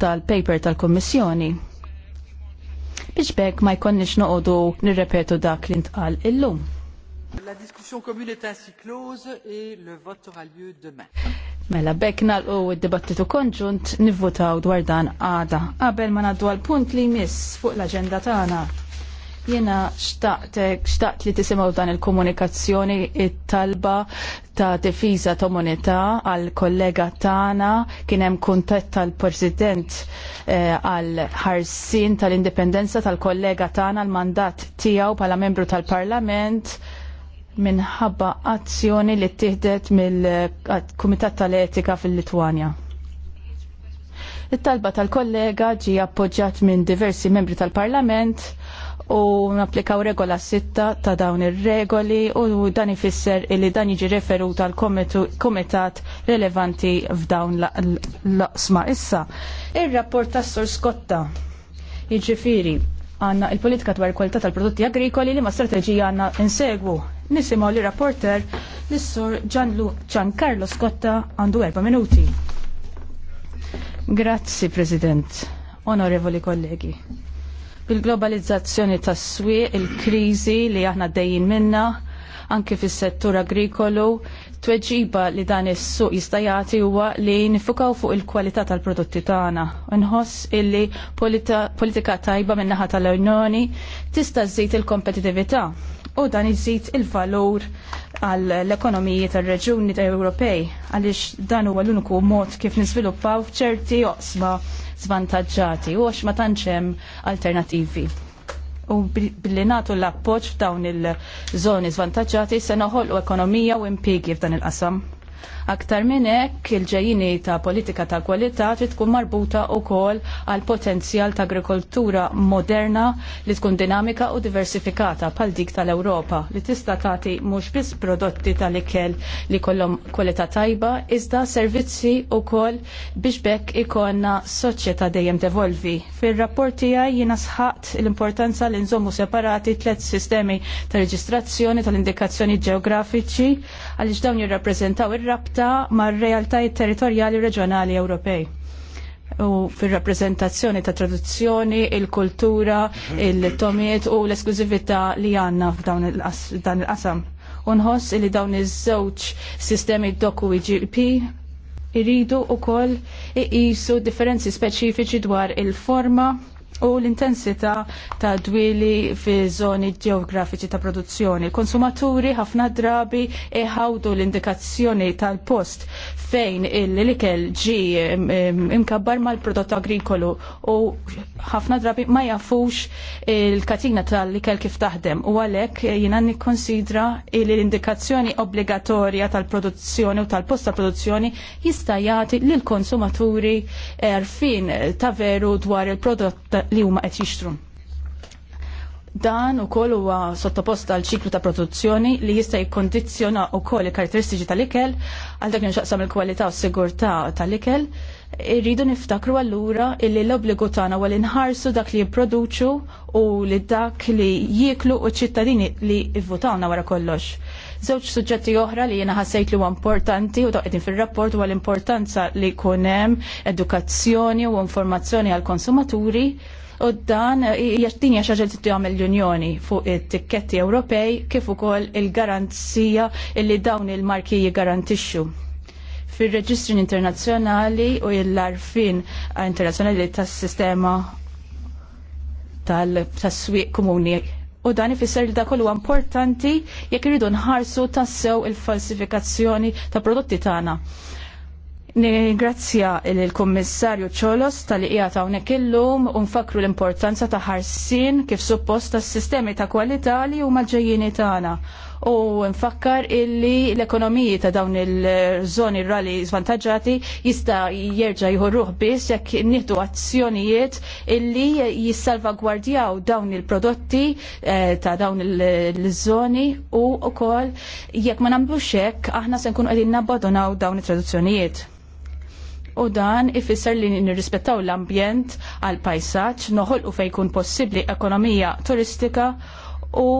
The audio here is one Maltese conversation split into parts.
tal-paper tal-Kommissjoni. Biex bekk ma jkonniex noqogħdu nirrepetu dak li ntqal illum. La discussion commune est ainsi close et le vote aura lieu demain. Mela bekk nalqu id-dibattitu konġunt nivvotaw dwar dan għada. Qabel ma naddu għal punt li jmiss fuq l-aġenda tagħna Jena xtaqtek, xtaqt li tisimaw dan il-komunikazzjoni it-talba ta' defiza ta' moneta għal kollega tana hemm kuntett tal-president eh, għal ħarsin tal-indipendenza tal-kollega tana l-mandat tiegħu bħala membru tal-parlament minħabba azzjoni li ttieħdet mill-Kumitat tal-Etika fil-Litwanja. It-talba tal-kollega ġi appoġġjat minn diversi membri tal-Parlament u napplikaw regola sitta ta' dawn ir-regoli u dan ifisser li dan jiġi referut għal komitat rilevanti f'dawn l-laqsma issa. Ir-rapport tas Sur Skotta jiġifieri għandna il-politika dwar kwalità tal-prodotti agrikoli li ma strateġija għandna insegwu. Nisimgħu li rapporter l-sur Gianlu Giancarlo Skotta għandu erba' minuti. Grazzi, President. Onorevoli kollegi. Bil-globalizzazzjoni tas-swieq, il-kriżi li aħna dejjin minna, anke fis-settur agrikolu, tweġiba li dan is-suq jista' jagħti huwa li nifukaw fuq il-kwalità tal-prodotti tagħna. Inħoss illi politika tajba min-naħa tal-Unjoni tista' żżid il-kompetitività u dan iżid il-valur għall-ekonomiji tar-reġuni Ewropej għaliex dan huwa l-uniku mod kif niżviluppaw f'ċerti oqsma zvantagġati u għax ma tantx hemm alternattivi. U billi nagħtu l-appoġġ f'dawn il-żoni zvantagġati se u ekonomija u impiegi f'dan il-qasam. Aktar minn hekk il-ġejjini ta' politika ta' kwalità trid tkun marbuta wkoll għal potenzjal ta' agrikoltura moderna li tkun dinamika u diversifikata bħal dik tal-Ewropa li tista' tagħti mhux biss prodotti tal-ikel li kollhom kwalità tajba iżda servizzi wkoll biex bekk ikonna soċjetà dejjem devolvi. Fir-rapport tiegħi jiena sħaqt l-importanza li nżommu separati tliet sistemi ta' reġistrazzjoni tal-indikazzjoni ġeografiċi għaliex dawn jirrappreżentaw ir rabta mar-realtajiet territorjali reġjonali Ewropej u fil-rappresentazzjoni ta' traduzzjoni, il-kultura, il-tomiet u l-esklużivita li għanna f'dan il-qasam. Unħoss li dawn iż-żewġ sistemi doku IGP iridu u koll iqisu differenzi speċifiċi dwar il-forma u l-intensità ta' dwili fi zoni ġeografiċi ta' produzzjoni. Konsumaturi ħafna drabi iħawdu l-indikazzjoni tal-post fejn il-likel ġi imkabbar mal-prodott agrikolu u ħafna drabi ma jafux il-katina tal-likel kif taħdem u għalek jina nikkonsidra l-indikazzjoni obbligatorja tal-produzzjoni u tal-post tal-produzzjoni jista' jagħti lill konsumaturi erfin ta' veru dwar il-prodott li huma qed jixtru. Dan ukoll huwa sottoposta għal ċiklu ta' produzzjoni li jista' jikkondizzjona wkoll il-karatteristiċi tal-ikel għal dak li nxaqsam il-kwalità u s-sigurtà tal-ikel. Irridu niftakru allura illi l-obbligu tagħna huwa li nħarsu dak li jipproduċu u li dak li jieklu u ċittadini li jivvutawna wara kollox. Żewġ suġġetti oħra li jiena ħassejt li huwa importanti u toqgħodin fir-rapport huwa l-importanza li jkun hemm edukazzjoni u informazzjoni għall konsumaturi u dan jattinja xaġel t-tijam l-Unjoni fuq it-tikketti Ewropej kif ukoll il-garanzija illi dawn il-marki jgarantixxu fil-reġistri internazzjonali u l-arfin internazzjonali tas-sistema tal swieq komuni. U dan ifisser li dak huwa importanti jekk iridu nħarsu tassew il-falsifikazzjoni ta' prodotti tagħna. Ningrazzja il-Kommissarju ċolos tal-li qiegħed hawnhekk illum u nfakru l-importanza ta' ħarsien kif suppost tas-sistemi ta' kwalità li huma ġejjini tagħna u nfakkar illi l-ekonomiji ta' dawn il-żoni rali zvantagġati jista' jerġa' jħorruh biss jekk nieħdu azzjonijiet illi jissalvagwardjaw dawn il-prodotti eh, ta' dawn il-żoni u wkoll jekk ma nagħmlux hekk aħna se nkunu qegħdin nabbadonaw dawn it-traduzzjonijiet u dan ifisser li nirrispettaw l-ambjent għal pajsaġġ noħolqu fejn jkun possibbli ekonomija turistika u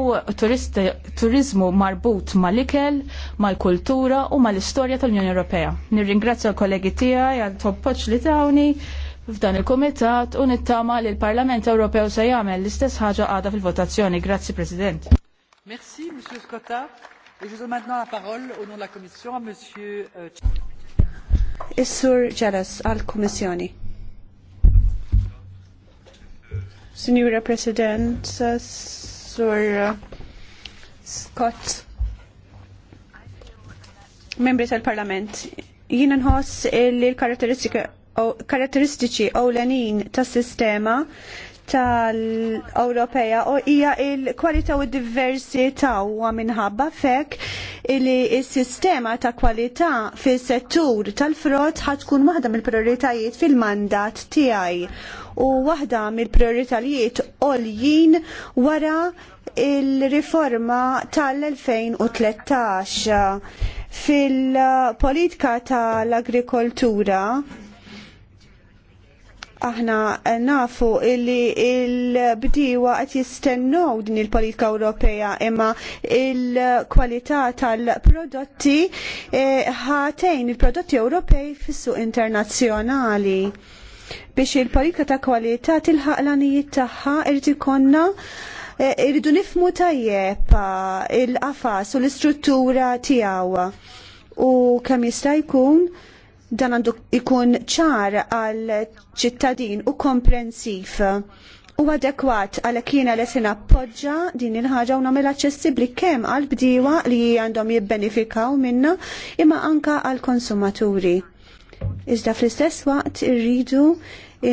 turizmu marbut mal-ikel, mal-kultura u mal-istorja tal-Unjoni Ewropea. Nirringrazzja l-kollegi tiegħi għal toppoċ li tawni f'dan il-Kumitat u nittama li l-Parlament Ewropew se jagħmel l-istess ħaġa għadha fil-votazzjoni. Grazzi President. Merci, Monsieur Scotta. Et je donne maintenant la parole au nom de la Commission à Monsieur. Euh, Is-Sur Ġeles għal-Kummissjoni. Signora President, Sur Scott, membri tal-Parlament, jien nħoss li l-karatteristiċi ewlenin tas-sistema tal-Ewropea u hija il-kwalità u d-diversità huwa minħabba fek li s-sistema ta' kwalità fis-settur tal-frott ħatkun waħda mill-prioritajiet fil-mandat tiegħi u waħda mill-prioritajiet għoljin wara il-riforma tal-2013 fil-politika tal-agrikoltura aħna nafu illi il-bdiwa għat jistennew din il-politika Ewropea imma il-kwalità tal-prodotti eh, ħatejn il-prodotti Ewropej fis-suq internazzjonali biex il-politika ta' kwalità tilħaq l-anijiet tagħha irid ikonna eh, irridu nifmu tajjeb il-qafas u l-istruttura tiegħu u kemm jista' jkun dan għandu ikun ċar għal ċittadin u komprensiv u adekwat għal kiena li sena appoġġa din il-ħaġa u nagħmel aċċessibbli kemm għal bdiewa li għandhom jibbenifikaw minna imma anka għal konsumaturi. Iżda fl-istess waqt irridu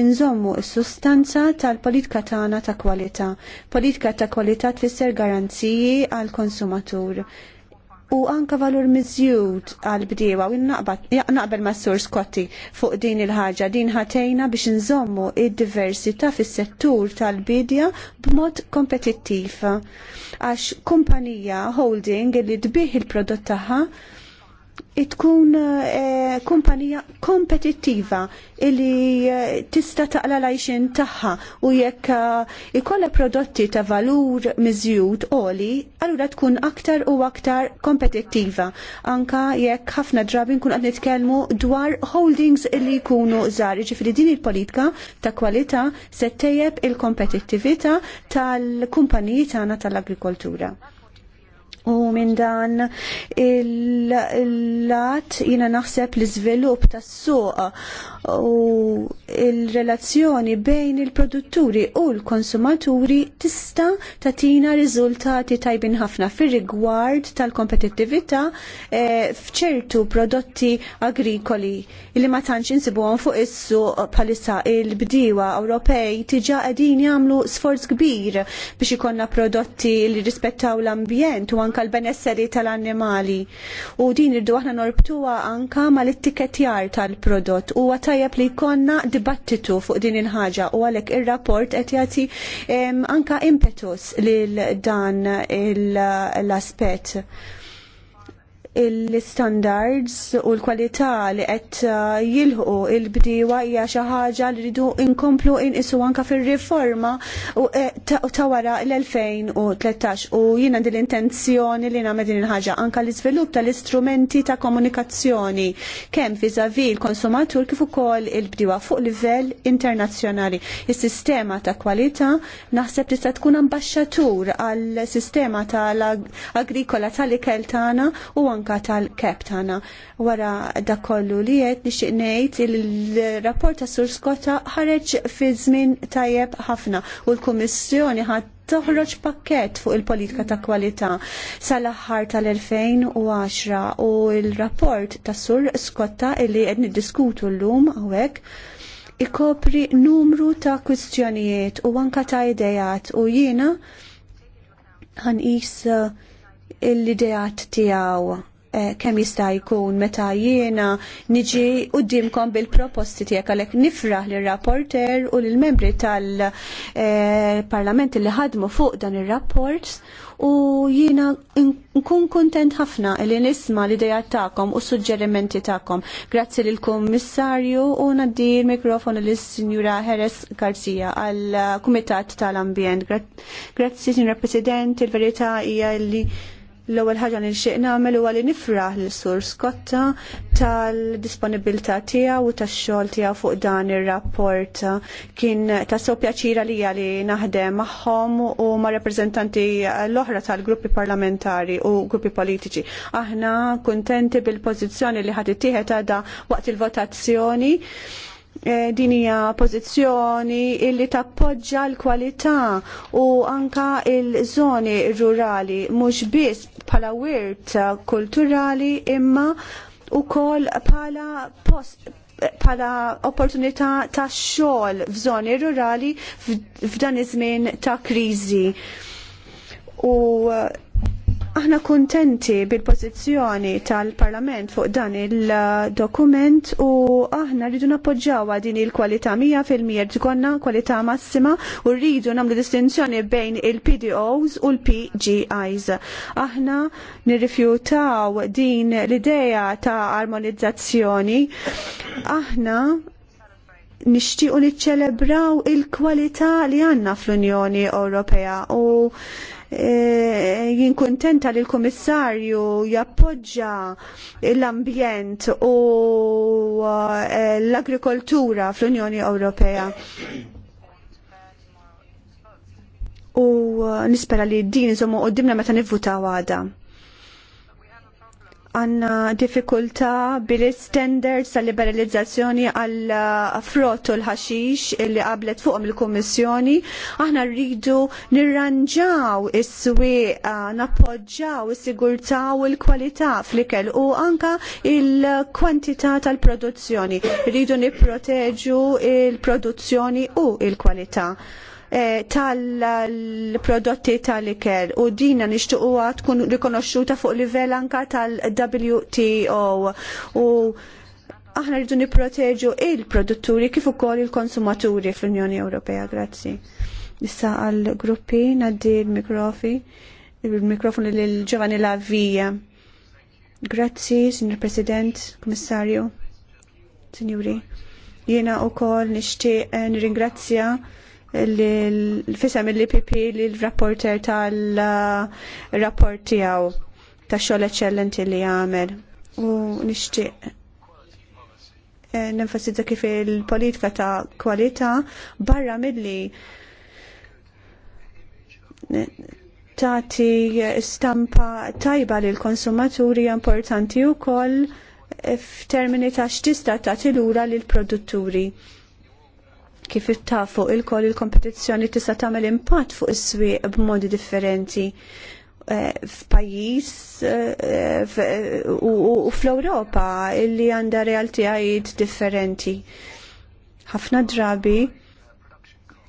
inżommu s-sustanza tal-politika tagħna ta' kwalità. Politika ta' kwalità tfisser garanziji għal konsumatur u anka valur miżjud għal bdiewa u naqbel ma' Sur skotti fuq din il-ħaġa din ħatejna biex nżommu id-diversità fis-settur tal-bidja b'mod kompetittiv. Għax kumpanija holding li tbih il-prodott tagħha tkun eh, kumpanija kompetittiva illi eh, tista taqla lajxin taħħa u jekk eh, ikolla prodotti ta' valur miżjud oli, allura tkun aktar u aktar kompetittiva. Anka jekk ħafna drabi nkun qed nitkellmu dwar holdings illi jkunu żgħar, ġifieri din il-politika ta' kwalità se il-kompetittività tal-kumpaniji tagħna tal-agrikoltura. U minn dan il-lat jina naħseb l-izvilup tas-suq u il-relazzjoni bejn il-produtturi u l-konsumaturi tista' tatina riżultati tajbin ħafna fir-rigward tal-kompetittività e, f'ċertu prodotti agrikoli li ma tantx insibuhom fuq is-suq bħalissa il-bdiewa Ewropej tiġa qegħdin jagħmlu sforz kbir biex ikollna prodotti li rispettaw l-ambjent u anke l-benesseri tal-annimali. U din irdu aħna norbtuha anke mal-ittikettjar tal-prodott u għata tajjeb li jkollna dibattitu fuq din il-ħaġa u għalhekk ir-rapport qed jagħti anka impetus lil dan l-aspett l-standards u l-kwalità li qed uh, jilħu il-bdiewa hija xi ħaġa li rridu nkomplu inqisu anke fir-riforma u e, ta' wara l-2013 u jiena din l-intenzjoni li nagħmel din il-ħaġa anke l-iżvilupp tal-istrumenti ta' komunikazzjoni kemm viżavi l-konsumatur kif ukoll il-bdiewa fuq livell internazzjonali. Is-sistema ta' kwalità naħseb tista' tkun ambaxxatur għal sistema tal-agrikola tal-ikel tagħna u anke anka tal-kep tana. Wara dak kollu li qed nixtieq ngħid il-rapport ta' Sur Skotta ħareġ fi żmien tajjeb ħafna u l-Kummissjoni ħadd toħroġ pakket fuq il-politika ta' kwalità sal-aħħar tal-2010 u il-rapport ta' Sur Skotta illi qed niddiskutu llum hawnhekk ikopri numru ta' kwistjonijiet u anka ta' idejat u jiena ħanqis l-idejat tiegħu Eh, kemm jista' jkun meta jiena niġi qudiemkom bil-proposti tiegħek għalhekk nifraħ lir-rapporter u lill-membri tal-Parlament eh, li ħadmu fuq dan ir-rapport u jiena nkun kuntent ħafna li nisma l-idea tagħkom u suġġerimenti tagħkom. Grazzi lill kummissarju u naddi l-mikrofon lis-Sinjura Heres Garcia għall kumitat tal-Ambjent. Grazzi, Sinjura President, il-verità hija li L-ewwel ħaġa li nixtieq nagħmel huwa li nifraħ lil Sur Skotta tal-disponibilità tiegħu u tax-xogħol tiegħu fuq dan ir-rapport. Kien tassew pjaċira lija li naħdem magħhom u ma' rappreżentanti l-oħra tal-gruppi parlamentari u gruppi politiċi. Aħna kuntenti bil-pożizzjoni li ħadd ittieħed għadha waqt il-votazzjoni. Eh, din hija pożizzjoni illi tappoġġa l-kwalità u anka il-żoni rurali mhux biss bħala wirt kulturali imma ukoll bħala post bħala opportunità ta' xogħol f'żoni rurali f'dan iż-żmien ta' kriżi. U Aħna kuntenti bil-pozizjoni tal-Parlament fuq dan il-dokument u aħna rridu nappoġġaw din il-kwalità 100% tkonna kwalità massima u rridu nagħmlu distinzjoni bejn il-PDOs u l-PGIs. Aħna nirrifjutaw din l-idea ta' armonizzazzjoni. Aħna nixtiequ niċċelebraw il-kwalità li għandna fl-Unjoni Ewropea u Eh, jien kontenta li l-Kummissarju jappoġġa l-ambjent u eh, l-agrikoltura fl-Unjoni Ewropea. U eh, nispera li din iżommu qoddimna meta nivvutaw għada għanna diffikultà bil-standards tal-liberalizzazzjoni għal uh, frott l-ħaxix li qablet fuqhom il-Kummissjoni. Aħna rridu nirranġaw is swi uh, nappoġġaw is-sigurtà u l-kwalità fl-ikel u anka il-kwantità tal-produzzjoni. Rridu nipproteġu il-produzzjoni u il produzzjoni u l kwalità Eh, tal-prodotti tal-iker u dina għat tkun rikonoxxuta fuq livell anka tal-WTO u aħna rridu nipproteġu il-produtturi kif ukoll il-konsumaturi fl-Unjoni Ewropea. Grazzi. Issa għal gruppi naddi l-mikrofi, il mikrofon lil Giovanni Lavija. Grazzi, Signor President, Kommissarju, Signori. Jiena u kol nishtiq nirringrazzja l-fisem l-IPP li l-rapporter tal-rapport tiegħu ta' xogħol eċċellenti li għamel. U n eh, nenfasizza kif il-politika ta' kwalità barra milli tati stampa tajba l konsumaturi importanti wkoll f'termini ta' x'tista' tagħti lura lill produtturi Kif ittafu il-koll il-kompetizzjoni tista' tagħmel impatt fuq is-swieq b'modi differenti eh, f'pajjiż eh, u fl-Ewropa illi għandha realtajiet differenti. Ħafna drabi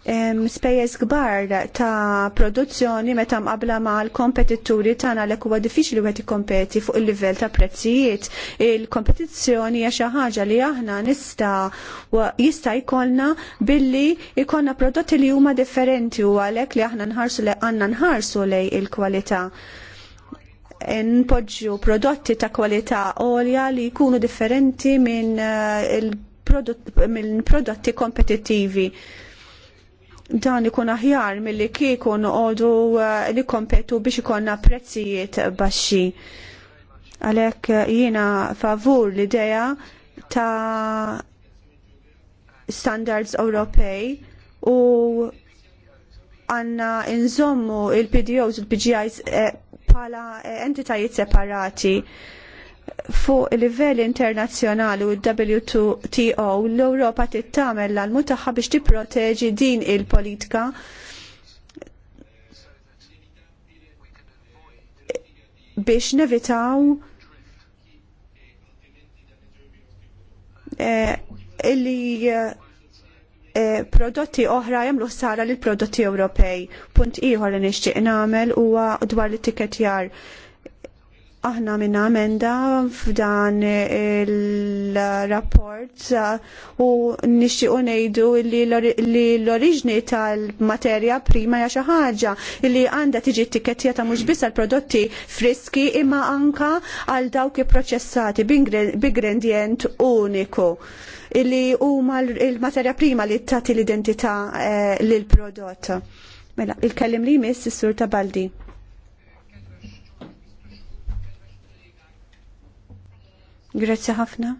spejjeż kbar ta' produzzjoni meta mqabla mal kompetituri tagħna għalhekk huwa diffiċli wieħed jikkompeti fuq il-livell ta' prezzijiet. Il-kompetizzjoni hija xi ħaġa li aħna nista' jista' jkollna billi jkollna prodotti li huma differenti u għalhekk li aħna nħarsu li għandna nħarsu lej il-kwalità npoġġu prodotti ta' kwalità għolja li jkunu differenti minn eh, prodotti kompetittivi dan ikun aħjar kikun kieku li eh, kompetu biex ikonna prezzijiet baxxi. Għalhekk eh, jiena favur l-idea ta' standards Ewropej u għanna nżommu il-PDOs, il-PGIs eh, pala entitajiet separati fuq il-livell internazzjonali u WTO l-Ewropa tittamel l-almu tagħha biex tipproteġi din il-politika biex nevitaw eh, illi eh, prodotti oħra jamlu ħsara lill prodotti Ewropej. Punt ieħor li nixtieq nagħmel huwa dwar l-tikketjar. jar aħna minna amenda f'dan il-rapport uh, u nixtiequ ngħidu li l-oriġni tal-materja prima hija xi ħaġa li għandha tiġi t-tikettjata mhux biss għal prodotti friski imma anka għal dawk ipproċessati b'ingredient uniku li huma l-materja prima li tagħti l-identità eh, lill prodott Mela, il-kellim li jmiss is-sur ta' Baldi. Grazzi ħafna.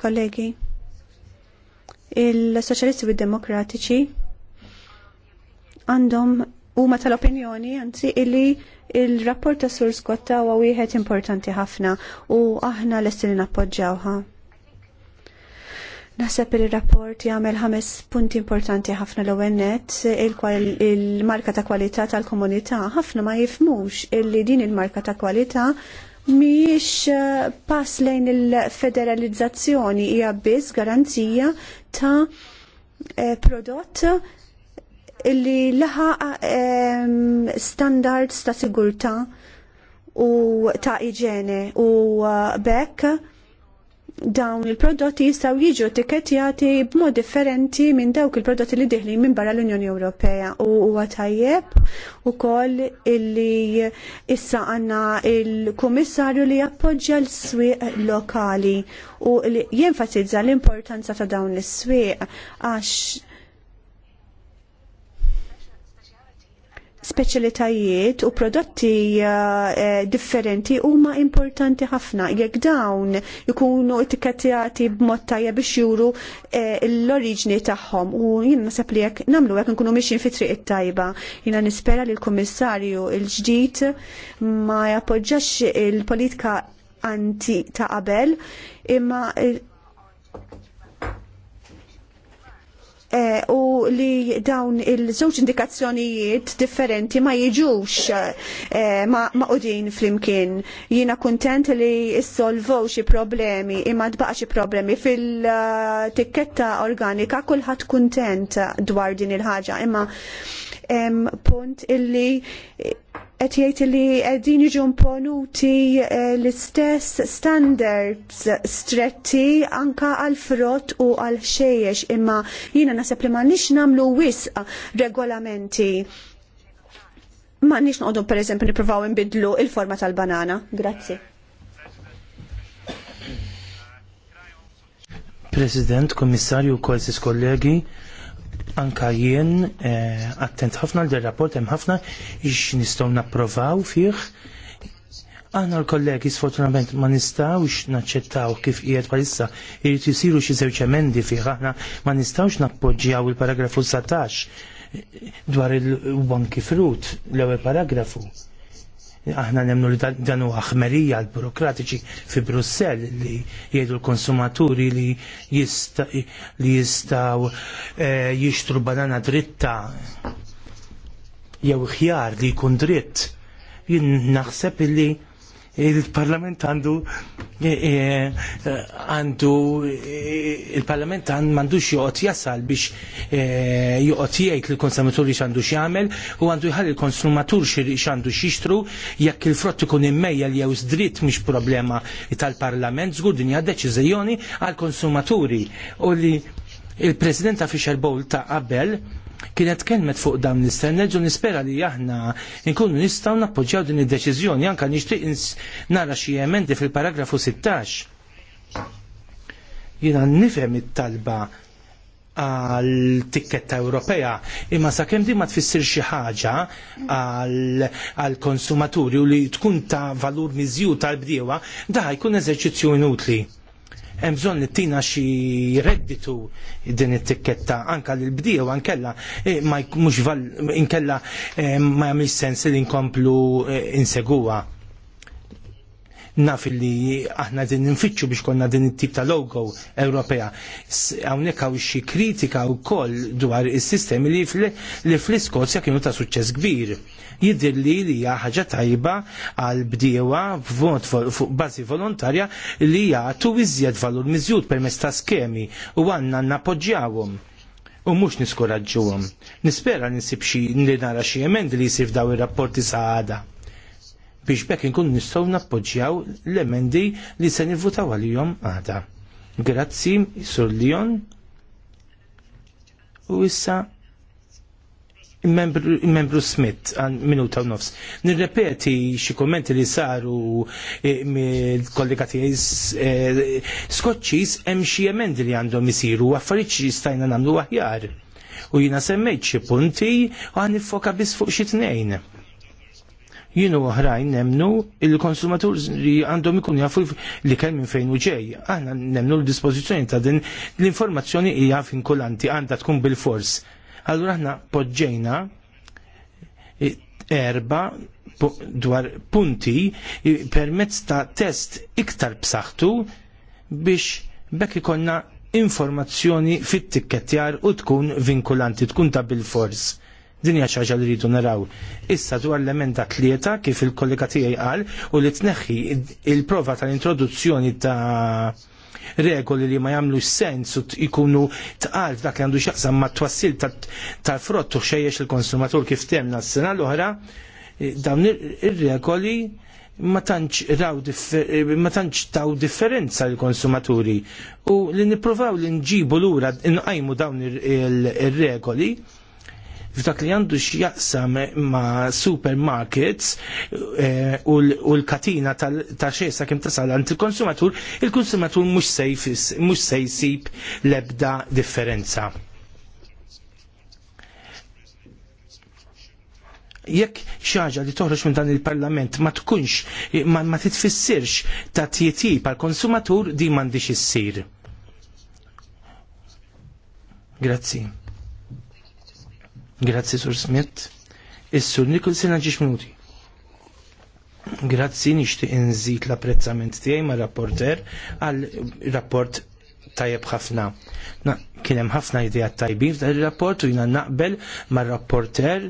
Kollegi, il-Soċjalisti u Demokratiċi għandhom huma tal-opinjoni anzi illi il-rapport ta' Sur Skotta huwa wieħed importanti ħafna u aħna lesti li nappoġġawha. Naħseb il-rapport jagħmel ħames punti importanti ħafna l net il-marka ta' kwalità tal-komunità ħafna ma jifmux illi din il-marka ta' kwalità miex eh, pass lejn il-federalizzazzjoni hija biss garanzija ta' eh, prodott illi laħa ehm, standards ta' sigurtà u ta' iġene u eh, bekk dawn il-prodotti jistgħu jiġu tikketjati b'mod differenti minn dawk il-prodotti li diħli minn barra l-Unjoni Ewropea u huwa tajjeb ukoll illi issa għandna il-Kummissarju li jappoġġa l-swieq lokali u li jenfasizza l-importanza ta' dawn l-swieq għax speċjalitajiet u prodotti uh, eh, differenti huma importanti ħafna. Jekk dawn ikunu etikettjati b'mod tajjeb biex juru eh, l-oriġni tagħhom u jien nasab li jekk nagħmlu hekk nkunu mixin fi triq it-tajba. Jiena nispera li l-Kummissarju l-ġdid ma jappoġġax il-politika anti ta' qabel imma Eh, u li dawn il-żewġ indikazzjonijiet differenti ma jiġux eh, ma qudin flimkien. Jiena kuntent li issolvow xi problemi imma tbaqa xi problemi fil-tikketta organika kulħadd kuntent dwar din il-ħaġa imma punt illi qed jgħid li qegħdin jiġu imponuti eh, l-istess standards stretti anka għal frott u għal xejjex imma jiena naħseb li m'għandniex nagħmlu wisq regolamenti. M'għandniex noqogħdu pereżempju nippruvaw inbidlu il-forma tal-banana. Grazzi. President, Kommissarju, Kolsis, kollegi, Anka jien eh, attent ħafna l rapport hemm ħafna x nistgħu napprovaw fih. Aħna l-kollegi sfortunatament ma nistgħux naċċettaw kif qiegħed bħalissa jrid jisiru xi żewġ emendi fih aħna ma nistgħux nappoġġjaw il-paragrafu 17 dwar il-banki frut l-ewwel paragrafu aħna nemnu li danu aħmerija ħmerija l-burokratiċi fi Brussell li jgħidu l-konsumaturi li jista li jistaw e, jixtru banana dritta jew ħjar li jkun dritt jien naħseb li il-Parlament għandu eh, eh, għandu eh, il-Parlament għand mandux joqgħod jasal biex joqgħod jgħid lill-konsumaturi x'għandu x'jagħmel u għandu jħalli l-konsumatur x'għandu x'jixtru jekk il-frott ikun li jew dritt mhix problema tal-Parlament zgur din hija deċiżjoni għall-konsumaturi u li il-President Fisher Bowl ta' qabel kienet kelmet fuq dawn l u nispera li aħna nkunu nistgħu nappoġġaw din id-deċiżjoni anke nixtieq nara xi emendi fil-paragrafu 16. Jiena nifhem it-talba għal-tikketta Ewropea, imma sakemm di ma tfissir xi ħaġa għal-konsumaturi u li tkun ta' valur miżju tal-bdiewa, da jkun eżerċizzju inutli hemm bżonn li tina xi redditu din it-tikketta anke lil u ankella eh, ma mhux inkella eh, ma jagħmilx sens li nkomplu eh, insegwa naf li aħna din nfittxu biex konna din it-tip ta' logo Ewropea. Hawnhekk hawn xi kritika wkoll dwar is-sistemi li fl-Iskozja kienu ta' suċċess kbir. Jidher li li hija ħaġa tajba għal bdiewa b'vot bażi volontarja li jagħtu iżjed valur miżjud permezz ta' skemi u għandna nappoġġjawhom u mux niskoraġġuhom. Nispera ninsib li nara xi emendi li jsir daw ir-rapporti sa' biex bekk nkun nistgħu nappoġġjaw l-emendi li se nivvutaw għalihom għada. Grazzi, Sur Leon. U issa membru, membru Smith minuta u nofs. Nirrepeti xi kommenti li saru eh, mill-kollega eh, Skoċċis hemm xi emendi li għandhom isiru affarijiet li stajna nagħmlu aħjar. U jina semmejt xi punti u għan nifoka biss fuq xi tnejn jienu oħrajn nemnu il-konsumatur li għandhom ikun jafu li kemm minn fejn u ġej. Aħna nemnu l-dispożizzjoni ta' din l-informazzjoni hija vinkolanti għandha tkun bil-fors. Allura aħna poġġejna eh, erba dwar punti eh, permezz ta' test iktar b'saħħtu biex bekk ikonna informazzjoni fit-tikketjar u tkun vinkulanti, tkun ta' bil-fors Din hija xaġa li rridu naraw. Issa dwar l-emenda tlieta kif il-kollega tiegħi qal u li tneħħi il-prova tal-introduzzjoni ta' regoli li ma jagħmlu sens u jkunu tqal dak li għandu x'jaqsam ma' twassil tal-frott u xejjex il-konsumatur kif temna s-sena l-oħra, eh, dawn ir-regoli eh, ma tantx taw differenza l-konsumaturi u li nippruvaw li nġibu lura nqajmu dawn ir-regoli f'dak li għandu x'jaqsam ma' supermarkets eh, u l-katina ta' xesa kem tasal għand il-konsumatur, il-konsumatur mhux se jsib l-ebda differenza. jekk xaġa li toħroġ minn dan il-parlament ma tkunx ma, ma titfissirx ta' tjeti pal konsumatur di m'għandix issir. Grazzi. Grazzi, Sur Smith. Is-Sur Nicholson għagġiġ minuti. Grazzi nixtieq inżid l-apprezzament tiegħi ma' rapporter għal rapport tajjeb ħafna. Kien hemm ħafna idea tajbin f'dan ir-rapport u jiena naqbel mar-rapporter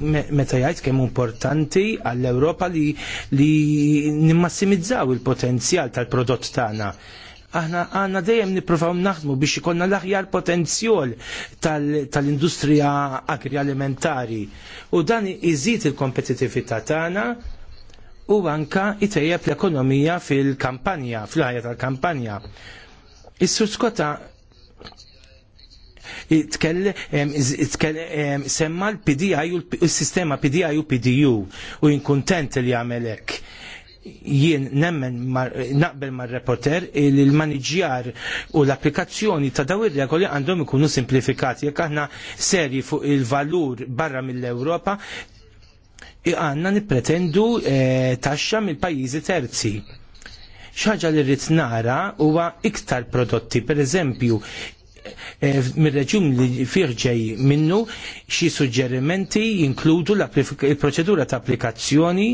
meta jgħid kemm importanti għall-Ewropa li, li nimmassimizzaw il-potenzjal tal-prodott tagħna aħna għanna dejjem niprofaw naħdmu biex ikonna l-aħjar potenzjol tal-industrija tal agri-alimentari u dan iżid il-kompetitività tagħna u anka itejjeb l-ekonomija fil-kampanja, fil-ħajja tal-kampanja. Is-Sur Skota semma l-PDI u l sistema PDI u PDU u jinkuntent li għamelek jien nemmen naqbel mar reporter il l-maniġjar u l-applikazzjoni ta' daw ir-regoli għandhom ikunu simplifikati jekk aħna serji fuq il-valur barra mill-Ewropa għanna nipretendu eh, taxxa mill-pajjiżi terzi. Xaġa li rrid nara huwa iktar prodotti, per eżempju, eh, mir-reġjun li firġej minnu xi suġġerimenti jinkludu il-proċedura ta' applikazzjoni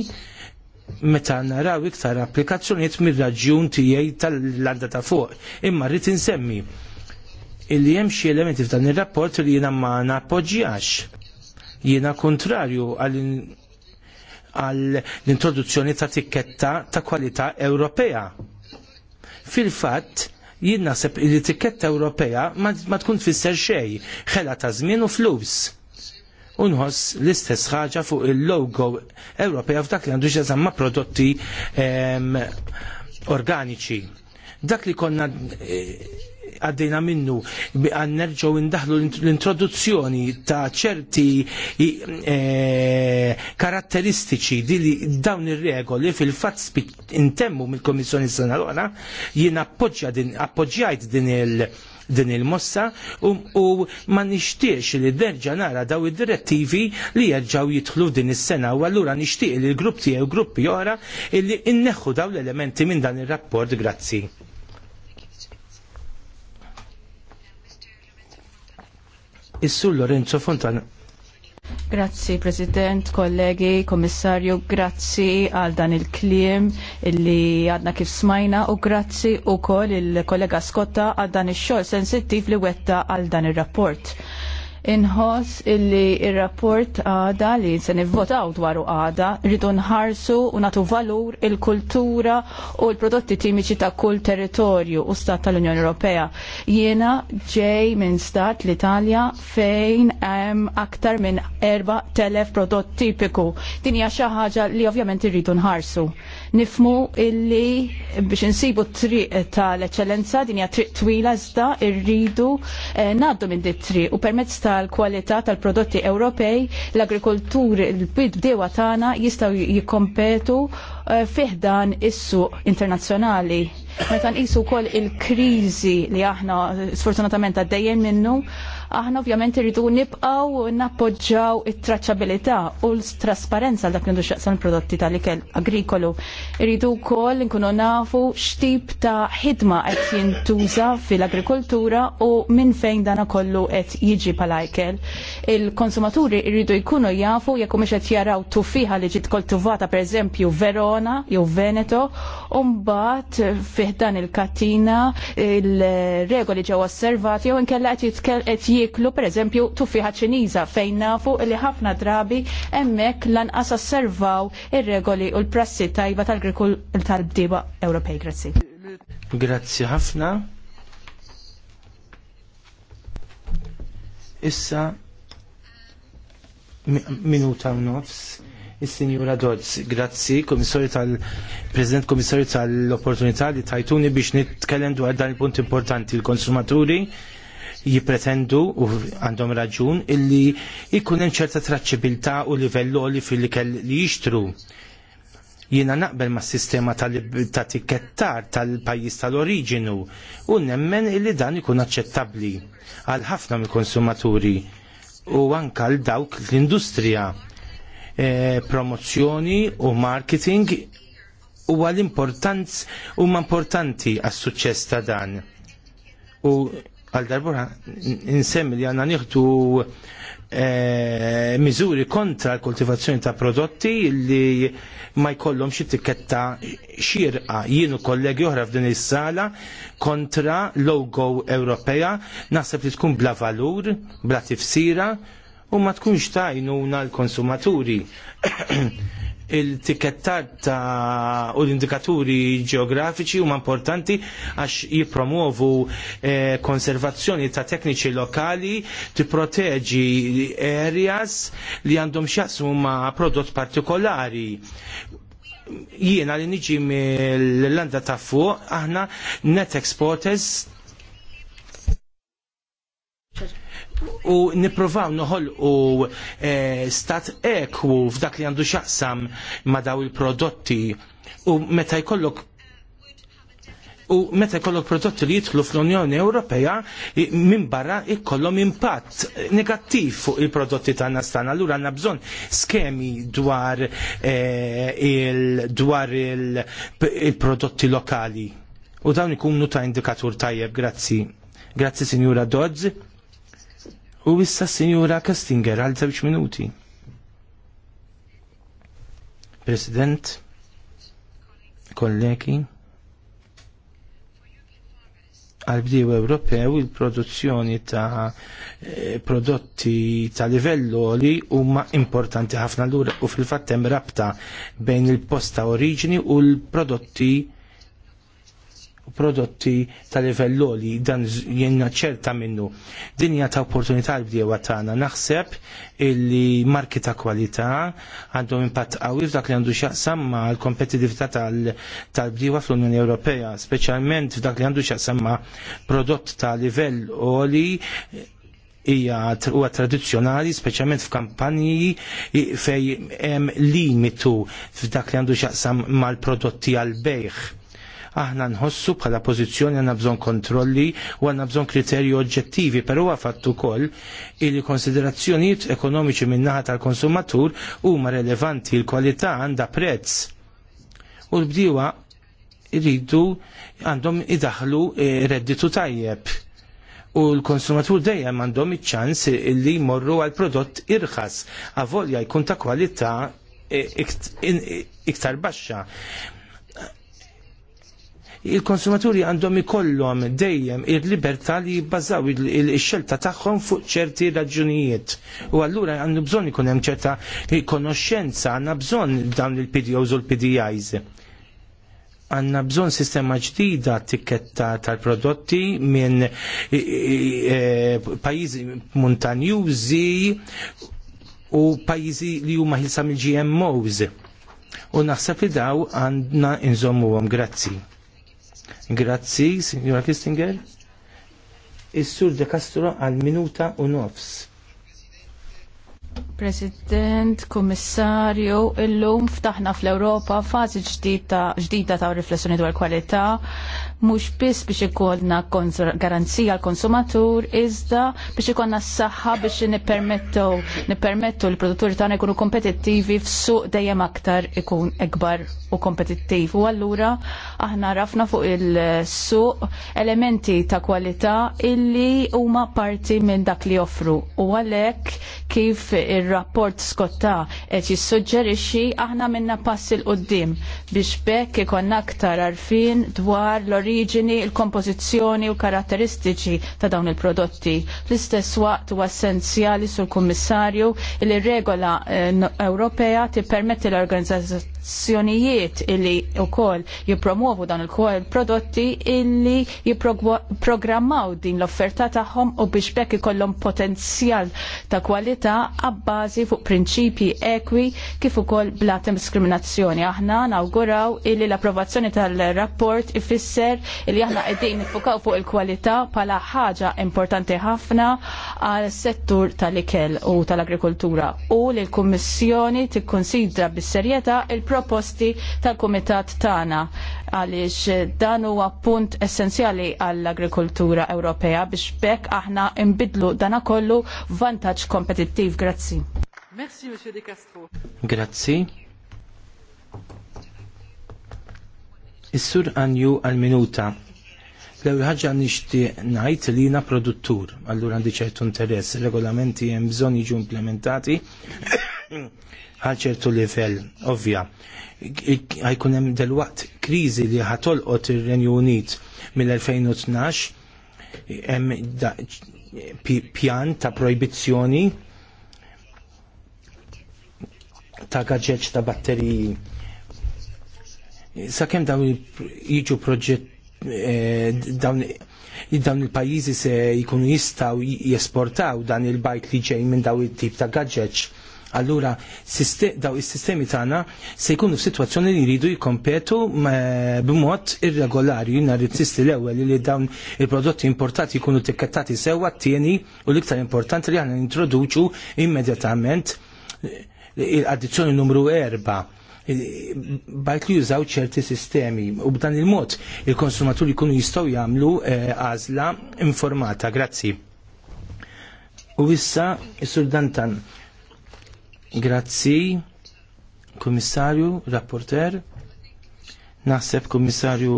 meta naraw iktar applikazzjonijiet mir-raġjun tiegħi tal-landa ta' fuq. Imma rrid insemmi illi hemm xi elementi f'dan ir-rapport li jiena ma nappoġġjax. Jiena kontrarju għal għall-introduzzjoni ta' tikketta ta' kwalità Ewropea. Fil-fatt, jien naħseb li tikketta Ewropea ma tkun tfisser xejn, ħela ta' żmien u flus unħoss l-istess ħaġa fuq il-logo Ewropea f'dak li għandu xeżam prodotti organiċi. Dak li konna e, għaddejna minnu għan nerġaw indaħlu l-introduzzjoni ta' ċerti e, karatteristiċi di dawn ir-regoli fil-fatt intemmu mill-Komissjoni Sanalona jien appoġġjajt din il- din il-mossa u ma nixtiex li derġa nara daw id-direttivi li jerġaw jidħlu din is-sena u allura nixtieq li l-grupp tiegħu grupp jora illi inneħħu daw l-elementi minn dan ir-rapport grazzi. Is-sur Lorenzo Fontana Grazzi President, kollegi, Komissarju, grazzi għal dan il-kliem illi għadna kif smajna u grazzi u koll il-kollega Skotta għal dan il-xol sensittiv li wetta għal dan il-rapport inħoss illi il-rapport għada li se nivvotaw dwaru għada rridu nħarsu u natu valur il-kultura u l-prodotti timiċi ta' kull territorju u stat tal-Unjoni Ewropea. Jiena ġej minn stat l-Italja fejn hemm aktar minn 4,000 prodott tipiku. Din hija xi ħaġa li ovvjament irridu nħarsu nifmu illi biex insibu triq tal-eċellenza din hija triq twila iżda rridu eh, ngħaddu minn dit triq u permezz tal-kwalità tal-prodotti Ewropej l-agrikolturi l-bidbdewa tagħna jistgħu jikkompetu eh, fih dan is-suq internazzjonali Meta nqisu wkoll il-kriżi li aħna sfortunatament għaddejjen minnu, aħna ovvjament irridu nibqgħu nappoġġaw it-traċċabilità u l-trasparenza dak li xaqsam prodotti tal-ikel agrikolu. Irridu wkoll nkunu nafu x'tip ta' ħidma qed jintuża fil-agrikoltura u minn fejn dana kollu qed jiġi bħala ikel. Il-konsumaturi irridu jkunu jafu jekk mhux qed jaraw tuffiħa li ġiet koltivata pereżempju Verona jew Veneto u mbagħad fih dan il-katina il-regoli ġew osservati jew inkella qed jieklu pereżempju tuffiħa Ċiniża fejn nafu li ħafna drabi hemmhekk lanqas osservaw ir-regoli u l-prassi tajba tal grikul tal-bdiba Ewropej. Grazzi. Grazzi ħafna. Issa minuta u nofs Is-Sinjura Dodds, grazzi, komissarju tal-President Komissarju tal-Opportunità li tajtuni biex nitkellem dwar dan il-punt importanti l-konsumaturi jipretendu u għandhom raġun illi jkun hemm ċerta traċċibilità u livell li fil li jixtru. Jiena naqbel ma' sistema ta' tikettar tal-pajjiż tal-oriġinu u nemmen illi dan ikun aċċettabbli għal ħafna mill-konsumaturi u anka għal dawk l-industrija Eh, promozzjoni u marketing huwa l-importanz huma importanti għas-suċċess ta' dan. U għal darbura insemmi li għanna nieħdu eh, miżuri kontra l-kultivazzjoni ta' prodotti li ma jkollhom xi xirqa. Jienu kollegi oħra f'din is-sala kontra logo Ewropea naħseb li tkun bla valur, bla tifsira u ma tkunx tajnuna l-konsumaturi. Il-tikettar ta' u l-indikaturi ġeografiċi huma importanti għax jipromuovu eh, konservazzjoni ta' tekniċi lokali tipproteġi areas li għandhom xjaqsmu ma' prodott partikolari jiena li niġi mill-landa ta' fuq aħna net exporters u niprovaw noħol u eh, stat ekwu f'dak li għandu xaqsam ma daw il-prodotti u meta jkollok u meta jkollok prodotti li jitlu fl-Unjoni Ewropea minn barra jkollhom impatt negattiv fuq il-prodotti tagħna stana. Allura għandna bżonn skemi dwar eh, il, dwar il-prodotti lokali. U dawn ikunu ta' indikatur tajjeb, grazzi. Grazzi Sinjura Dodds U issa Sinjura Kastinger għal żewġ minuti. President, kollegi, għal-bdiju Ewropew il-produzzjoni ta' eh, prodotti ta' livello li huma importanti ħafna l u fil-fattem rabta bejn il-posta oriġini u l-prodotti prodotti ta' livell li dan jenna ċerta minnu. Din hija ta' opportunità l-bdiewa tagħna. Naħseb illi marki ta' kwalità għandhom impatt qawwi f'dak li għandu x'jaqsam ma' l-kompetitività tal-bdiewa fl-Unjoni Ewropea, speċjalment f'dak li għandu xaqsam ma' prodott ta' livell oli hija huwa tradizzjonali speċjalment f'kampanji fej hemm limitu f'dak li għandu x'aqsam mal-prodotti għal bejħ aħna nħossu bħala pożizzjoni għanna bżon kontrolli u għandna bżonn kriterji oġġettivi, però huwa fatt ukoll il konsiderazzjonijiet ekonomiċi min-naħa tal-konsumatur huma relevanti l-kwalità għandha prezz. U l bdiwa jridu għandhom idaħlu e, redditu tajjeb u l-konsumatur dejjem għandhom iċ-ċans li jmorru għal prodott irħas, għavolja jkun ta' kwalità e, iktar baxxa il-konsumaturi għandhom ikollhom dejjem il-libertà li jibbażaw il-xelta tagħhom fuq ċerti raġunijiet. U allura għandu bżonn ikun hemm ċerta konoxxenza, għandna bżonn dawn il-PDOs u l-PDIs. Għanna bżon sistema ġdida tikketta tal-prodotti minn e, pajizi montanjużi u pajizi li huma ħilsa mill-GMOs u naħseb li daw għandna inżommu għom grazzi. Grazzi, signora Kistinger. Is-sur de Castro għal minuta u nofs. President, Kommissarju, illum ftaħna fl-Europa fażi ġdida ta' riflessjoni dwar kwalità mhux biss biex ikollna garanzija għall konsumatur iżda biex ikollna s-saħħa biex nippermettu nippermettu l-produtturi tagħna jkunu kompetittivi f'suq dejjem aktar ikun ekbar u kompetittiv. U allura aħna rafna fuq il-suq elementi ta' kwalità illi huma parti minn dak li joffru. U għalhekk kif ir-rapport skotta qed jissuġġerixxi aħna minna pass il qudiem biex bekk ikon aktar arfin dwar l-orin l-oriġini, il-kompożizzjoni u karatteristiċi ta' dawn il-prodotti. l istess waqt huwa essenzjali sul kummissarju li regola eh, Ewropea tippermetti l-organizzazzjonijiet illi wkoll jipromuovu dan il-prodotti illi jipprogrammaw din l-offerta tagħhom u biex bekk ikollhom potenzjal ta' kwalità abbażi fuq prinċipji ekwi kif ukoll bla diskriminazzjoni. Aħna nawguraw illi l-approvazzjoni tal-rapport ifisser tajjeb li aħna qegħdin nifukaw fuq il-kwalità bħala ħaġa importanti ħafna għal settur tal-ikel u tal-agrikoltura u li l-Kummissjoni tikkonsidra bis-serjetà il-proposti tal-Kumitat tagħna għaliex dan huwa punt essenzjali għall-agrikoltura Ewropea biex bekk aħna imbidlu dana kollu vantaġġ kompetittiv. Grazzi. Merci, Monsieur De Castro. Grazzi. Is-sur għanju għal-minuta. L-ewwel ħaġa nixtieq ngħid li jiena produttur, allura għandi ċertu interess. Regolamenti hemm bżonn jiġu implementati għal ċertu livell, ovvja. Għajkun hemm delwaqt kriżi li ħatolqot ir-Renju Unit mill-2012 hemm pjan ta' projbizzjoni ta' gaġġeġ ta' batteriji sakemm dawn jiġu proġett eh, dawn dawn il-pajjiżi se jkunu jistgħu jesportaw dan il-bajt li ġej minn daw it-tip ta' gadgets. Allura daw is-sistemi tagħna se jkunu f'sitwazzjoni li jridu jkompetu b'mod irregolari. Jina rrid l-ewwel li dawn il-prodotti importati jkunu tikkettati sewwa t-tieni u l-iktar importanti li għandna nintroduċu immedjatament eh, l-addizzjoni numru erba' Bajt li jużaw ċerti sistemi u b'dan il-mod il-konsumaturi jkunu jistgħu jagħmlu eh, għażla informata. Grazzi. U issa Sur Dantan. Grazzi, komissarju, Rapporter. Naħseb komissarju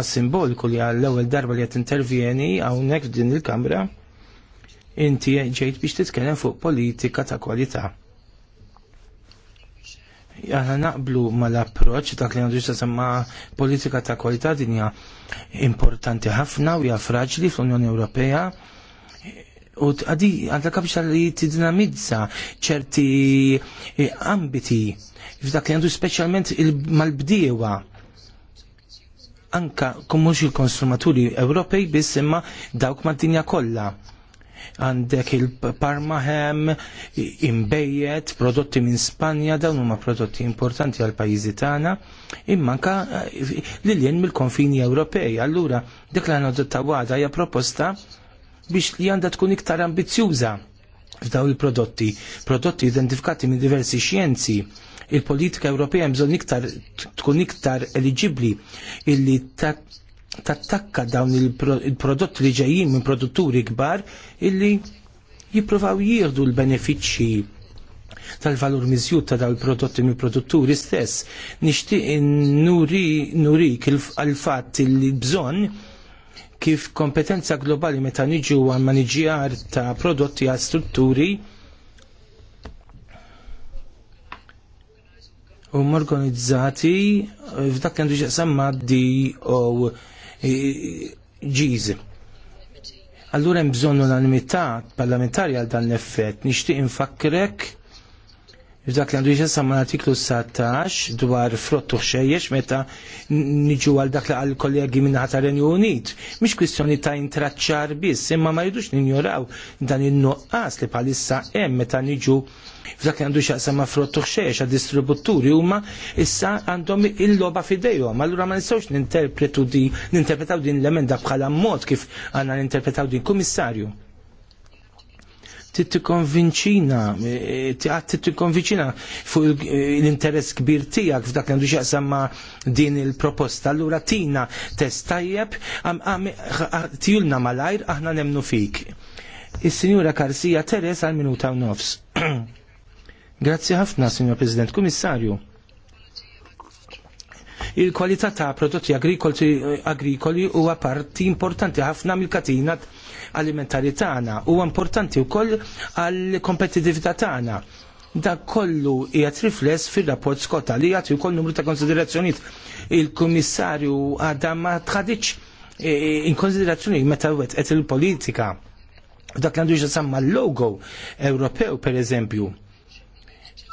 għas simboliku li għall ewwel darba li qed intervjeni hawnhekk din il-Kamra inti ġejt biex titkellem fuq politika ta' kwalità. Aħna naqblu mal-approċ dak li għandu semma politika ta' kwalità dinja importanti ħafna u hija fraġli fl-Unjoni Ewropea u għaddi għandha kapxa li t-dinamizza ċerti eh, ambiti f'dak li għandu speċjalment mal-bdiewa anka kummux il-konsumaturi Ewropej biss imma dawk mad-dinja kollha għandek il-parma hem, imbejjet, prodotti minn Spanja, dawn huma prodotti importanti għal pajjiżi tagħna, immanka eh, li lien mill-konfini Ewropej. Allura, dik li għandu għada hija proposta biex li għandha tkun iktar ambizjuża f'daw il-prodotti, prodotti identifikati minn diversi xjenzi il-politika Ewropea bżonn iktar tkun iktar eliġibbli illi tattakka dawn il-prodott li ġejjin minn produtturi kbar illi jippruvaw jieħdu l-benefiċċji tal-valur miżjut ta' dawn il-prodotti mill produtturi stess. Nixtieq nuri, nurik għal-fatt li bżonn kif kompetenza globali meta niġu għal maniġjar ta' prodotti għal strutturi u um f'dak kandu ġaqsam maddi u E, ġiż. Allura hemm bżonn animità parlamentari għal dan l-effett. Nixtieq infakkirek F'dak li għandu jisessam l-artiklu 17 dwar frottu xejjex meta niġu għal dak li għal kollegi minna ħata Renju Unit. Mhix kwistjoni ta' intraċċar biss, imma ma jidux ninjoraw dan in-nuqqas li bħalissa hemm meta niġu f'dak li għandu xaqsam ma' frottu xejjex għad distributturi huma issa għandhom il-loba fidejhom. Allura ma nistgħux ninterpretu din ninterpretaw din l-emenda bħala mod kif għandna ninterpretaw din kummissarju tikkonvinċina, e, għat fuq e, l-interess kbir tiegħek f'dak li għandu xaqsam ma' din il-proposta. Allura tina test tijulna malajr aħna nemnu fik. Is-Sinjura Karsija Teres għal minuta u nofs. Grazzi ħafna, Signor President, komissarju. il-kwalità ta' prodotti agrikoli huwa parti importanti ħafna mill-katina alimentari tagħna u importanti wkoll għall-kompetitività tagħna. Dak kollu hija rifless fir-rapport skotta li jagħti wkoll numru ta' konsiderazzjonijiet il-kummissarju għadha ma tħadiċ e, e, in konsiderazzjoni meta wet il-politika dak għandu jġa samma l-logo Ewropew per eżempju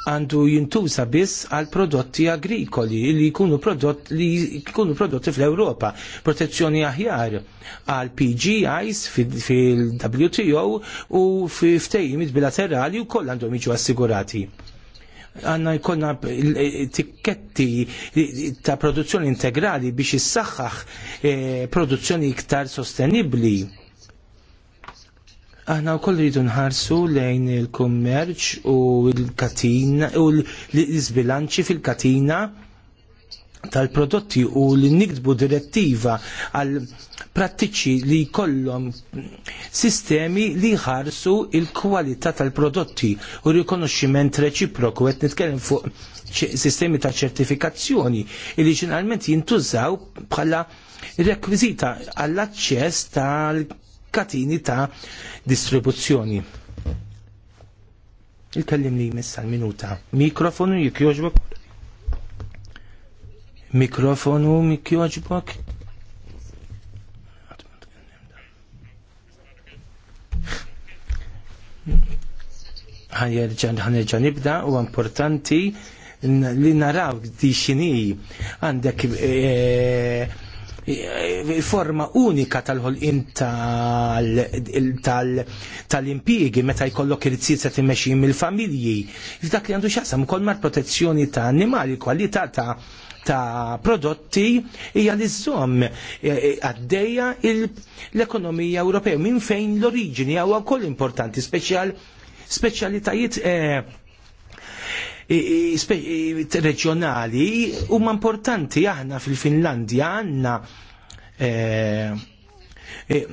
għandu jintuża biss għal prodotti agrikoli li jkunu prodotti li jkunu prodotti fl-Ewropa. Protezzjoni aħjar għal PGIs fil-WTO u ftejimit bilaterali u koll għandhom jiġu assigurati. Għanna jkollna tikketti ta' produzzjoni integrali biex jissaxħax eh, produzzjoni iktar sostenibli Aħna u koll rridu nħarsu lejn il-kummerċ u l-katina u l-izbilanċi fil-katina tal-prodotti u li nikdbu direttiva għal prattiċi li kollom sistemi li ħarsu il-kwalità tal-prodotti u rikonoxximent reċiproku qed nitkellem fuq sistemi ta' ċertifikazzjoni li ġeneralment jintużaw bħala rekwizita għall-aċċess tal katini ta' distribuzzjoni. Il-kellim li jmessa l-minuta. Mikrofonu jik joġbok. Mikrofonu jik joġbok. ħanerġan ħanerġan nibda u importanti li naraw di xini għandek e, forma unika tal-ħolqim tal-impjiegi meta jkollok irtizziet se timmexxi mill-familji. F'dak li għandu x'aqsam ukoll mal-protezzjoni ta' annimali, kwalità ta' ta' prodotti hija li żomm e, e, għaddejja l-ekonomija Ewropea minn fejn l-oriġini huwa wkoll importanti, speċjal speċjalitajiet e, reġjonali huma importanti aħna fil-Finlandja għandna eh, eh,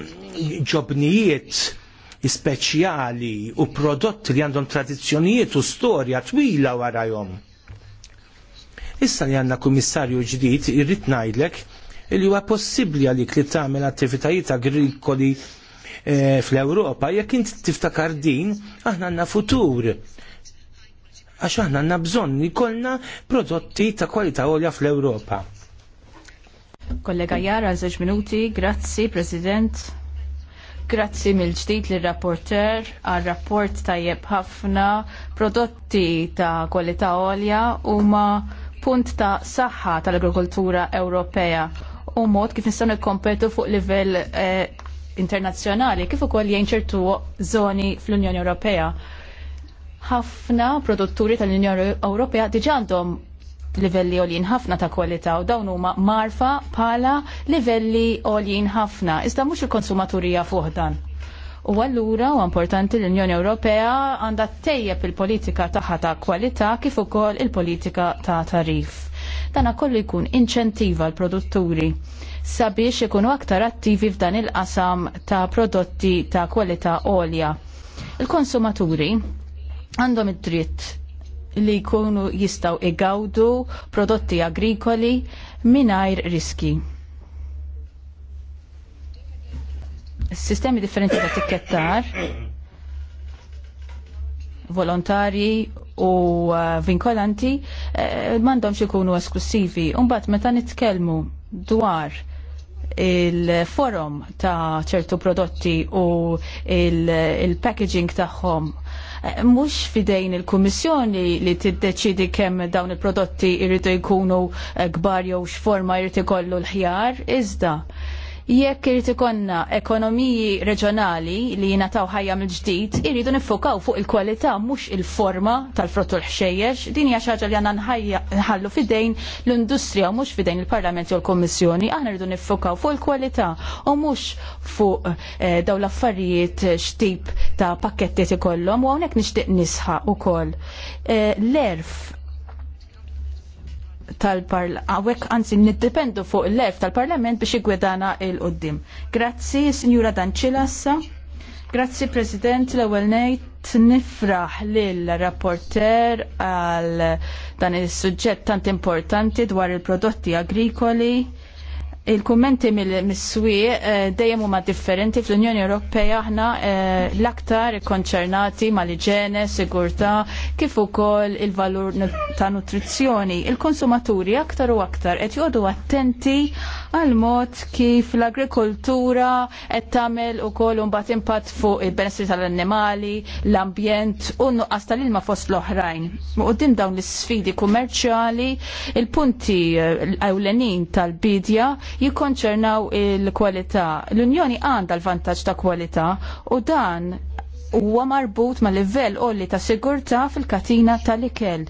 ġobnijiet speċjali u prodotti li għandhom tradizzjonijiet u storja twila warajhom. Issa li għandna kummissarju ġdid irrit ngħidlek li huwa possibbli għalik li tagħmel attivitajiet agrikoli eh, fl ewropa jekk inti tiftakar din, aħna għandna futur għax aħna għandna bżonn li prodotti ta' kwalità għolja fl-Ewropa. Kollega Jara, zeġ minuti, grazzi, President. Grazzi mill-ġdid lir rapporter għal rapport tajjeb ħafna prodotti ta' kwalità għolja huma punt ta' saħħa tal-agrikoltura Ewropea u mod kif nistgħu nikkompetu fuq livell eh, internazzjonali kif ukoll jgħin ċertu żoni fl-Unjoni Ewropea ħafna produtturi tal-Unjoni Ewropea diġà għandhom livelli għoljin ħafna ta' kwalità u dawn huma marfa bħala livelli għoljin ħafna. Iżda mhux il-konsumaturi fuq dan. U allura u importanti l-Unjoni Ewropea għandha tejjeb il-politika tagħha ta' kwalità kif ukoll il-politika ta' tarif. Dana kollu jkun inċentiva l-produtturi sabiex ikunu aktar attivi f'dan il-qasam ta' prodotti ta' kwalità għolja. Il-konsumaturi għandhom id-dritt li jkunu jistaw igawdu prodotti agrikoli mingħajr riski. Sistemi differenti ta' tikkettar volontari u uh, vinkolanti eh, mandomx ikunu esklusivi. Umbat meta nitkellmu dwar il-forum ta' ċertu prodotti u il-packaging il tagħhom Eh, mhux fidejn il-Kummissjoni li tiddeċidi kemm dawn il-prodotti jridu jkunu eh, kbar jew x'forma jrid ikollu l-ħjar iżda Jekk irid ikonna ekonomiji reġjonali li jingħataw ħajja mill-ġdid, iridu niffokaw fuq il-kwalità mhux il-forma tal-frottu l-ħxejjex. Din hija xi ħaġa li għandna nħallu fidejn l-industrija u mhux fidejn il-Parlament jew l-Kummissjoni. Aħna rridu niffokaw fuq il-kwalità u mhux fuq eh, dawn l-affarijiet x'tip ta' pakketti ikollhom u hawnhekk nixtieq nisħaq ukoll. Eh, l-erf tal-parlament, għawek ah, niddependu fuq il-lef tal-parlament biex igwedana il-qoddim. Grazzi, signora Danċilassa. Grazzi, President, l-ewel nejt nifraħ l-rapporter għal dan il-sujġett tant importanti dwar il-prodotti agrikoli il-kummenti mill missui eh, dejjem huma differenti fl-Unjoni Ewropea aħna eh, l-aktar konċernati mal-iġene, sigurtà, kif ukoll il-valur ta' nutrizzjoni. Il-konsumaturi aktar u aktar qed jgħodu attenti għal mod kif l-agrikoltura qed tagħmel ukoll imbagħad impatt fuq il-benessri tal-annimali, l-ambjent u nuqqas tal-ilma fost l-oħrajn. Quddiem dawn l-sfidi kummerċjali, il-punti eh, ewlenin tal-bidja jikkonċernaw il-kwalità. L-Unjoni għandha l-vantaġġ ta' kwalità u dan huwa marbut ma' livell qolli ta' sigurtà fil-katina tal-ikel.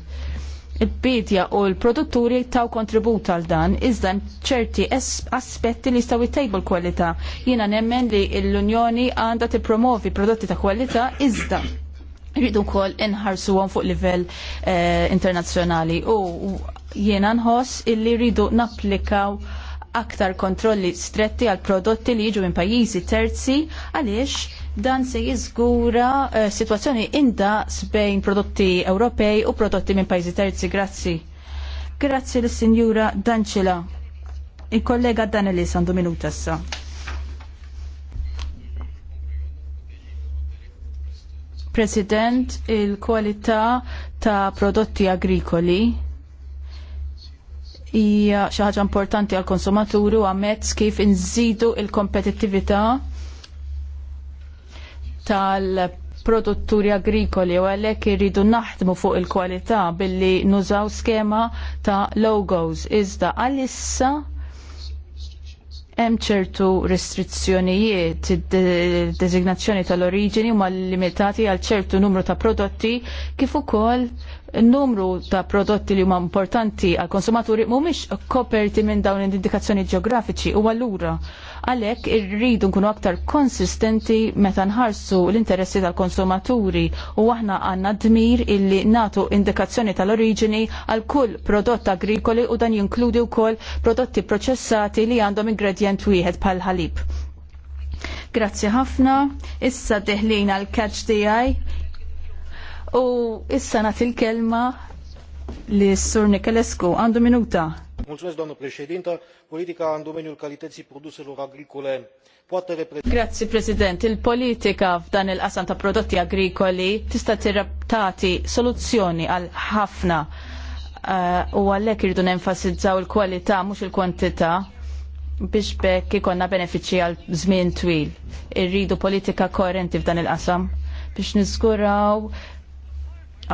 Il-bidja u l-produtturi taw kontribut għal dan, iżda ċerti aspetti li staw jittajbu l-kwalità. Jiena nemmen li l-Unjoni għandha tippromovi prodotti ta' kwalità iżda rridu wkoll inħarsu fuq livell eh, internazzjonali u jiena nħoss illi rridu napplikaw aktar kontrolli stretti għal prodotti li jiġu minn pajjiżi terzi għaliex dan se jiżgura uh, eh, sitwazzjoni indaqs bejn prodotti Ewropej u prodotti minn pajjiżi terzi. Grazzi. Grazzi lis sinjura Danċila. Il-kollega Danelis għandu minuta issa. President, il-kwalità ta' prodotti agrikoli hija xi ħaġa importanti għall konsumaturi u għamezz kif inżidu l kompetittività tal-produtturi agrikoli u għalhekk irridu naħdmu fuq il-kwalità billi nużaw skema ta' logos. Iżda għalissa hemm ċertu restrizzjonijiet id-designazzjoni tal-oriġini huma limitati għal ċertu numru ta' prodotti kif ukoll numru ta' prodotti li huma importanti għal konsumaturi mhumiex koperti minn dawn l-indikazzjoni ġeografiċi u allura għalhekk irridu nkunu aktar konsistenti meta nħarsu l-interessi tal-konsumaturi u aħna għandna dmir illi natu indikazzjoni tal-oriġini għal kull prodott agrikoli u dan jinkludi wkoll prodotti proċessati li għandhom ingredjent wieħed bħal ħalib. Grazzi ħafna. Issa deħlina l-catch DI U issa nagħti il-kelma li s-sur Nikolescu għandu minuta. Mulțumesc, doamnă președintă. Politica în domeniul calității produselor agricole poate reprezenta... Grazie, President. Il-politika f'dan il-qasam ta' prodotti agrikoli tista' tirraptati soluzzjoni għal ħafna eh, u għallek irridu nenfasizzaw il-kwalità mhux il-kwantità biex bekk ikonna benefiċċji għal żmien twil. Irridu politika koerenti f'dan il-qasam biex niżguraw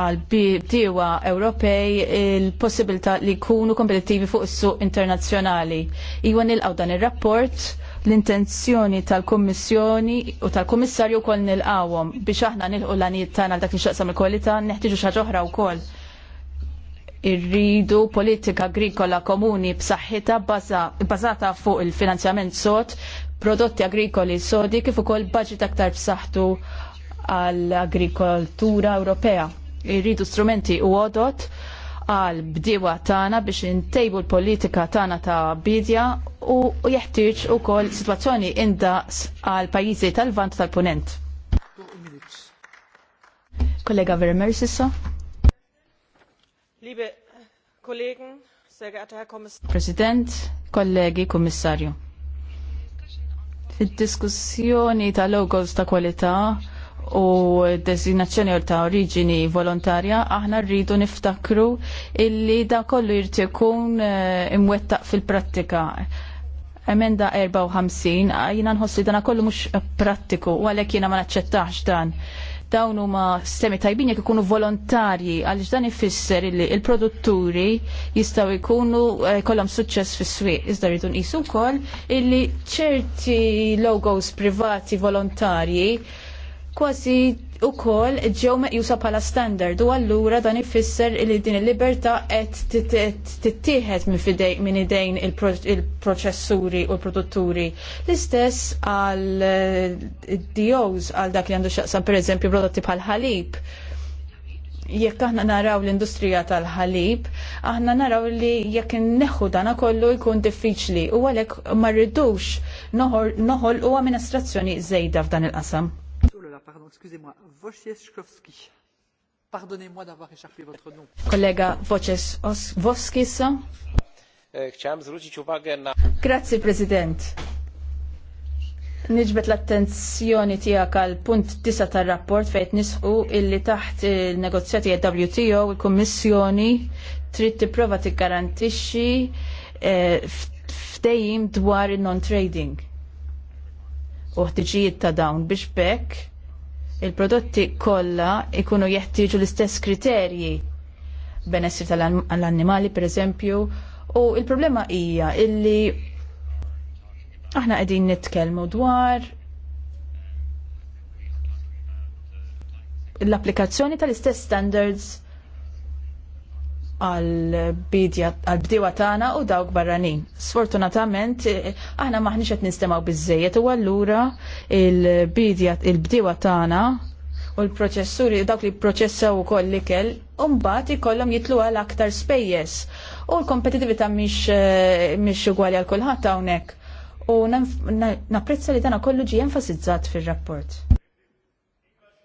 għal bdiewa Ewropej il-possibilità li jkunu kompetittivi fuq is-suq internazzjonali. Iwa nilqgħu dan ir-rapport l-intenzjoni tal-Kommissjoni u tal kummissarju wkoll nilqgħuhom biex aħna nilqu l-għanijiet tagħna għal dak nixtaqsam il-kwalità neħtieġu xi oħra wkoll. Irridu politika agrikola komuni b'saħħitha bbażata fuq il-finanzjament sod, prodotti agrikoli sodi kif ukoll budget aktar b'saħħtu għall-agrikoltura Ewropea irridu strumenti u għodot għal bdiewa tagħna biex intejbu l-politika tagħna ta' bidja u jeħtieġ ukoll sitwazzjoni inda għal pajjiżi tal-vant tal-punent. Kollega Vermeer sissa. Liebe Kollegen, sehr geehrter Herr Kommissar. President, kollegi, Kommissarju. Fid-diskussjoni ta' logos ta' kwalità u designazzjoni ta' oriġini volontarja, aħna rridu niftakru illi da kollu jirti jkun eh, imwettaq fil-prattika. Emenda 54, jina nħossi dana kollu mux prattiku, u għalek jina ma naċċettax dan. Dawn huma sistemi tajbin jekk ikunu volontarji għaliex dan ifisser illi il-produtturi jistgħu jkunu eh, kollhom suċċess fis-swieq. Iżda rridu nqisu wkoll illi ċerti logos privati volontarji kważi ukoll ġew meqjusa bħala standard u allura dan ifisser li din il-libertà qed tittieħed minn idejn il-proċessuri u l-produtturi. L-istess għal eh, DOs għal dak li għandu xaqsam pereżempju prodotti bħal ħalib jekk aħna naraw l-industrija tal-ħalib, aħna naraw li jekk neħu dana kollu jkun diffiċli u għalek marridux noħol u amministrazzjoni zejda f'dan il-qasam pardon, excusez-moi, Wojciechowski. Pardonnez-moi d'avoir échappé votre nom. Kollega Wojciechowski. E, chciałem zwrócić uwagę na... Grazie, Prezydent. Niġbet l-attenzjoni tiegħek għal punt tisa tar rapport fejn nisqu illi taħt il-negozjati WTO il kummissjoni trid tipprova tiggarantixxi e, ftehim dwar in non-trading u ħtiġijiet ta' dawn biex bekk il-prodotti kollha ikunu jeħtieġu l-istess kriterji benessri tal-annimali per eżempju u il-problema hija illi aħna qegħdin nitkellmu dwar l-applikazzjoni tal-istess standards għal-bdiwa tagħna u dawk barranin. Sfortunatament, aħna maħniċ qed nistemaw biżejjed u allura il-bdiwa tagħna u l-proċessuri, dawk li proċessaw u koll ikel, umbat ikollhom jitlu għal aktar spejjes. U l-kompetitivita eh, mhix ugwali għal kulħadd hawnhekk. U napprezza li dana kollu ġie enfasizzat fir-rapport.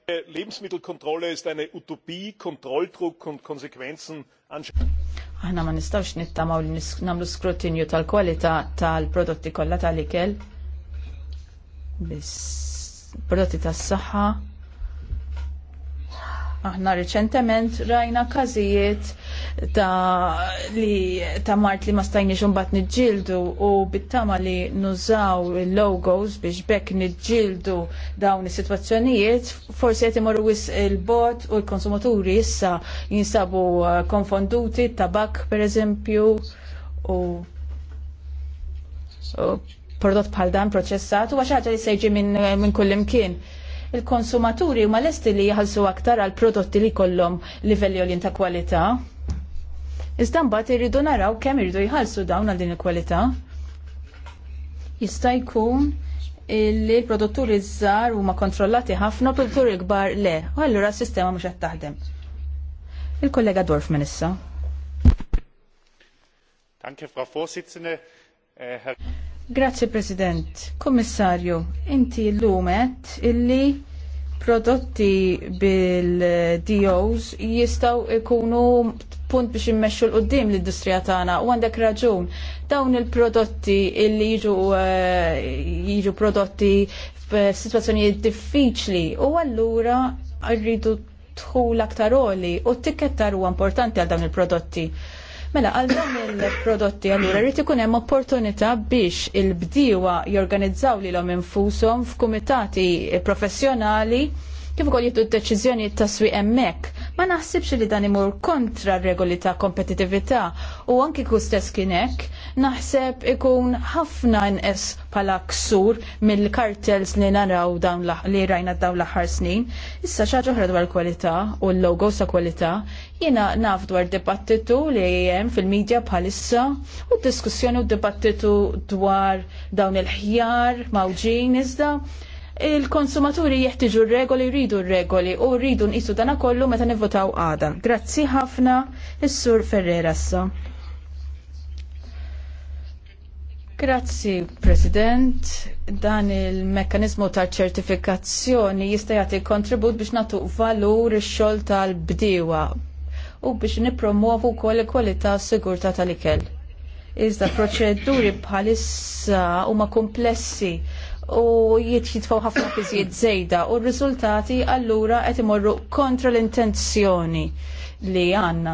Lebensmittelkontrolle ist eine Utopie, Kontrolldruck und Konsequenzen Aħna ma nistawx nittamaw li namlu skrutinju tal-kwalità tal-prodotti kollha tal-ikel. Biss prodotti tas-saħħa. Aħna riċentement rajna każijiet ta' li ta' mart li ma stajniex unbat niġġieldu u bittama li nużaw il-logos biex bekk niġġieldu dawn is-sitwazzjonijiet, forsi qed imorru wis il-bot u l-konsumaturi issa jinsabu uh, konfonduti tabak pereżempju u, u prodott bħal dan proċessat u għaxħaġa li sejġi minn uh, min kullimkien. Il-konsumaturi huma lesti li jħalsu aktar għal prodotti li kollom livelli olin ta' kwalità. Iżda mbagħad irridu naraw kemm irridu jħallsu dawn għal din il-kwalità. Jista' jkun li l-produtturi żgħar huma kontrollati ħafna produtturi kbar le, u allura s-sistema mhux qed taħdem. Il-kollega Dorfman issa. Danke, Frau Vorsitzende. Äh, Grazie President. Kommissarju, inti l-lumet illi prodotti bil-DOs jistaw ikunu punt biex immexxu l-qoddim l-industrija tagħna u għandek raġun. Dawn il-prodotti illi jiġu eh, jiġu prodotti f'sitwazzjonijiet diffiċli u allura rridu tħul aktar oli u t-tikket huwa importanti għal dawn il-prodotti. Mela, għal dawn il-prodotti allura rrid ikun hemm opportunità biex il bdiwa jorganizzaw lilhom infushom f'kumitati professjonali kif ukoll jittu d-deċiżjonijiet ta' swieq hemmhekk ma naħsibx li dan imur kontra regoli ta' kompetitività u anki ku stess kienek naħseb ikun ħafna nqes pala ksur mill-kartels li naraw dawn li rajna dawn l-aħħar snin. Issa xaġa oħra dwar kwalità u l-logo sa' kwalità jiena naf dwar dibattitu li hemm fil-medja bħalissa u diskussjoni u dibattitu dwar dawn il-ħjar mawġin iżda il-konsumaturi jeħtiġu regoli, rridu regoli u rridu nqisu dana kollu meta nivvotaw għada. Grazzi ħafna, is-Sur Ferrera sa. Grazzi, President. Dan il-mekkanizmu ta' ċertifikazzjoni jista' jagħti kontribut biex nagħtu valur ix-xogħol tal-bdiewa u biex wkoll il kwalità sigurta tal-ikel. Iżda proċeduri bħalissa huma komplessi u jitfaw ħafna piżijiet żejda u r-riżultati allura qed imorru kontra l-intenzjoni li għandna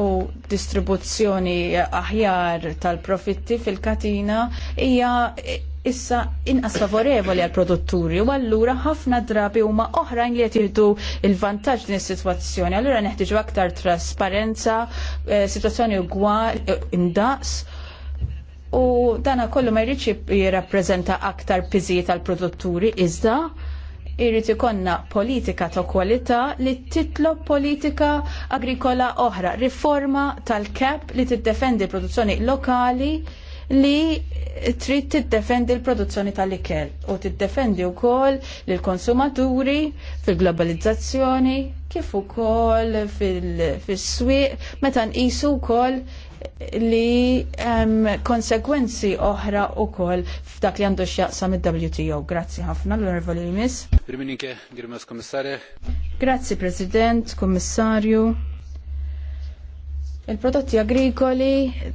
u distribuzzjoni aħjar tal-profitti fil-katina hija issa inqas favorevoli għal produtturi u allura ħafna drabi huma oħrajn li qed jieħdu l-vantaġġ din is-sitwazzjoni. Allura neħtieġu aktar trasparenza, eh, sitwazzjoni ugwal indaqs u dana kollu ma jridx jirrappreżenta aktar piżijiet tal produtturi iżda jrid ikonna politika ta' kwalità li titlob politika agrikola oħra, riforma tal-kap li tiddefendi produzzjoni lokali li trid tiddefendi l-produzzjoni tal-ikel u tiddefendi wkoll lill konsumaturi fil-globalizzazzjoni kif ukoll fis-swieq meta nqisu wkoll li hemm konsegwenzi oħra wkoll f'dak li għandu x'jaqsam id-WTO. Grazzi ħafna l-Onorevoli Miss. Grazzi President, Kommissarju. Il-prodotti agrikoli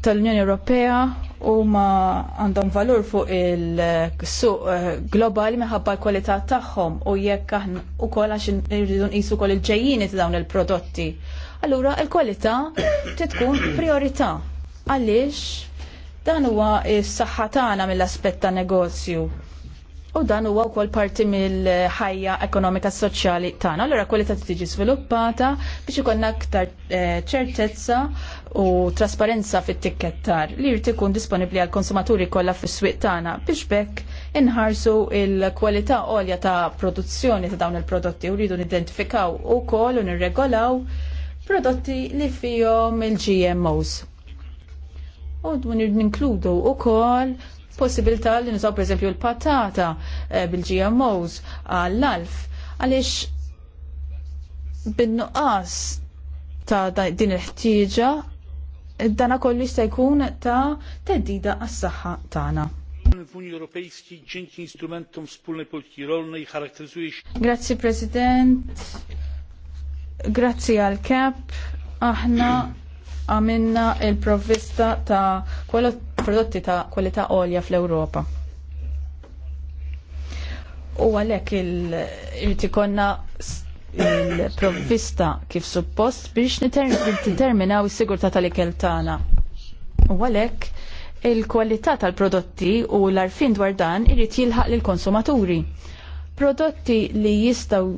tal-Unjoni Ewropea huma għandhom valur fuq il-suq eh, globali minħabba l-kwalità tagħhom u jekk aħna wkoll għax irridu nqisu wkoll il-ġejjini ta' dawn il-prodotti. Allura l-kwalità titkun priorità. Għaliex dan huwa s-saħħa tagħna mill-aspett ta' negozju. U dan huwa wkoll parti mill-ħajja ekonomika soċjali tagħna. Allura kwalità tiġi sviluppata biex ikollna aktar eh, ċertezza u trasparenza fit-tikkettar li jrid ikun disponibbli għall konsumaturi kollha fis-swieq tagħna biex bekk inħarsu l kwalità għolja ta' produzzjoni ta' dawn il-prodotti u rridu nidentifikaw ukoll u nirregolaw prodotti li fihom il-GMOs. U ninkludu wkoll possibilità li nisaw pereżempju l-patata eh, bil-GMOs għall-alf għaliex bin-nuqqas ta' din il-ħtieġa dana kollu jista' jkun ta' teddida għas-saħħa tagħna. Grazzi President, grazzi għall kep aħna għamilna il-provvista ta' prodotti ta' kwalità olja fl-Ewropa. U għalhekk irid ikonna il-provvista kif suppost biex niterminaw is sigurta tal ikeltana tagħna. U għalhekk il-kwalità tal-prodotti u l-arfin dwar dan irid jilħaq lill-konsumaturi. Prodotti li jistgħu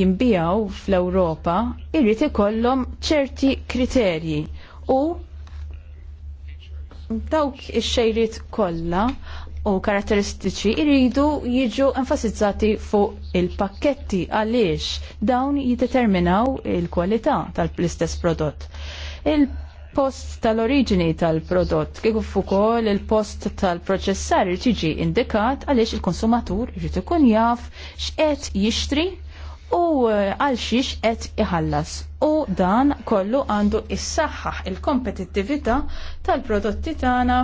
jimbijaw fl-Ewropa irrit ikollhom ċerti kriterji u dawk ix-xejriet kollha u karatteristiċi jridu jiġu enfasizzati fuq il-pakketti għaliex dawn jiddeterminaw il-kwalità tal-istess prodott. Il-post tal-oriġini tal-prodott kif ukoll il-post tal-proċessar jiġi indikat għaliex il-konsumatur jrid ikun jaf x'qed jixtri u eh, għal xiex qed iħallas. U dan kollu għandu issaħħaħ il-kompetittività tal-prodotti tagħna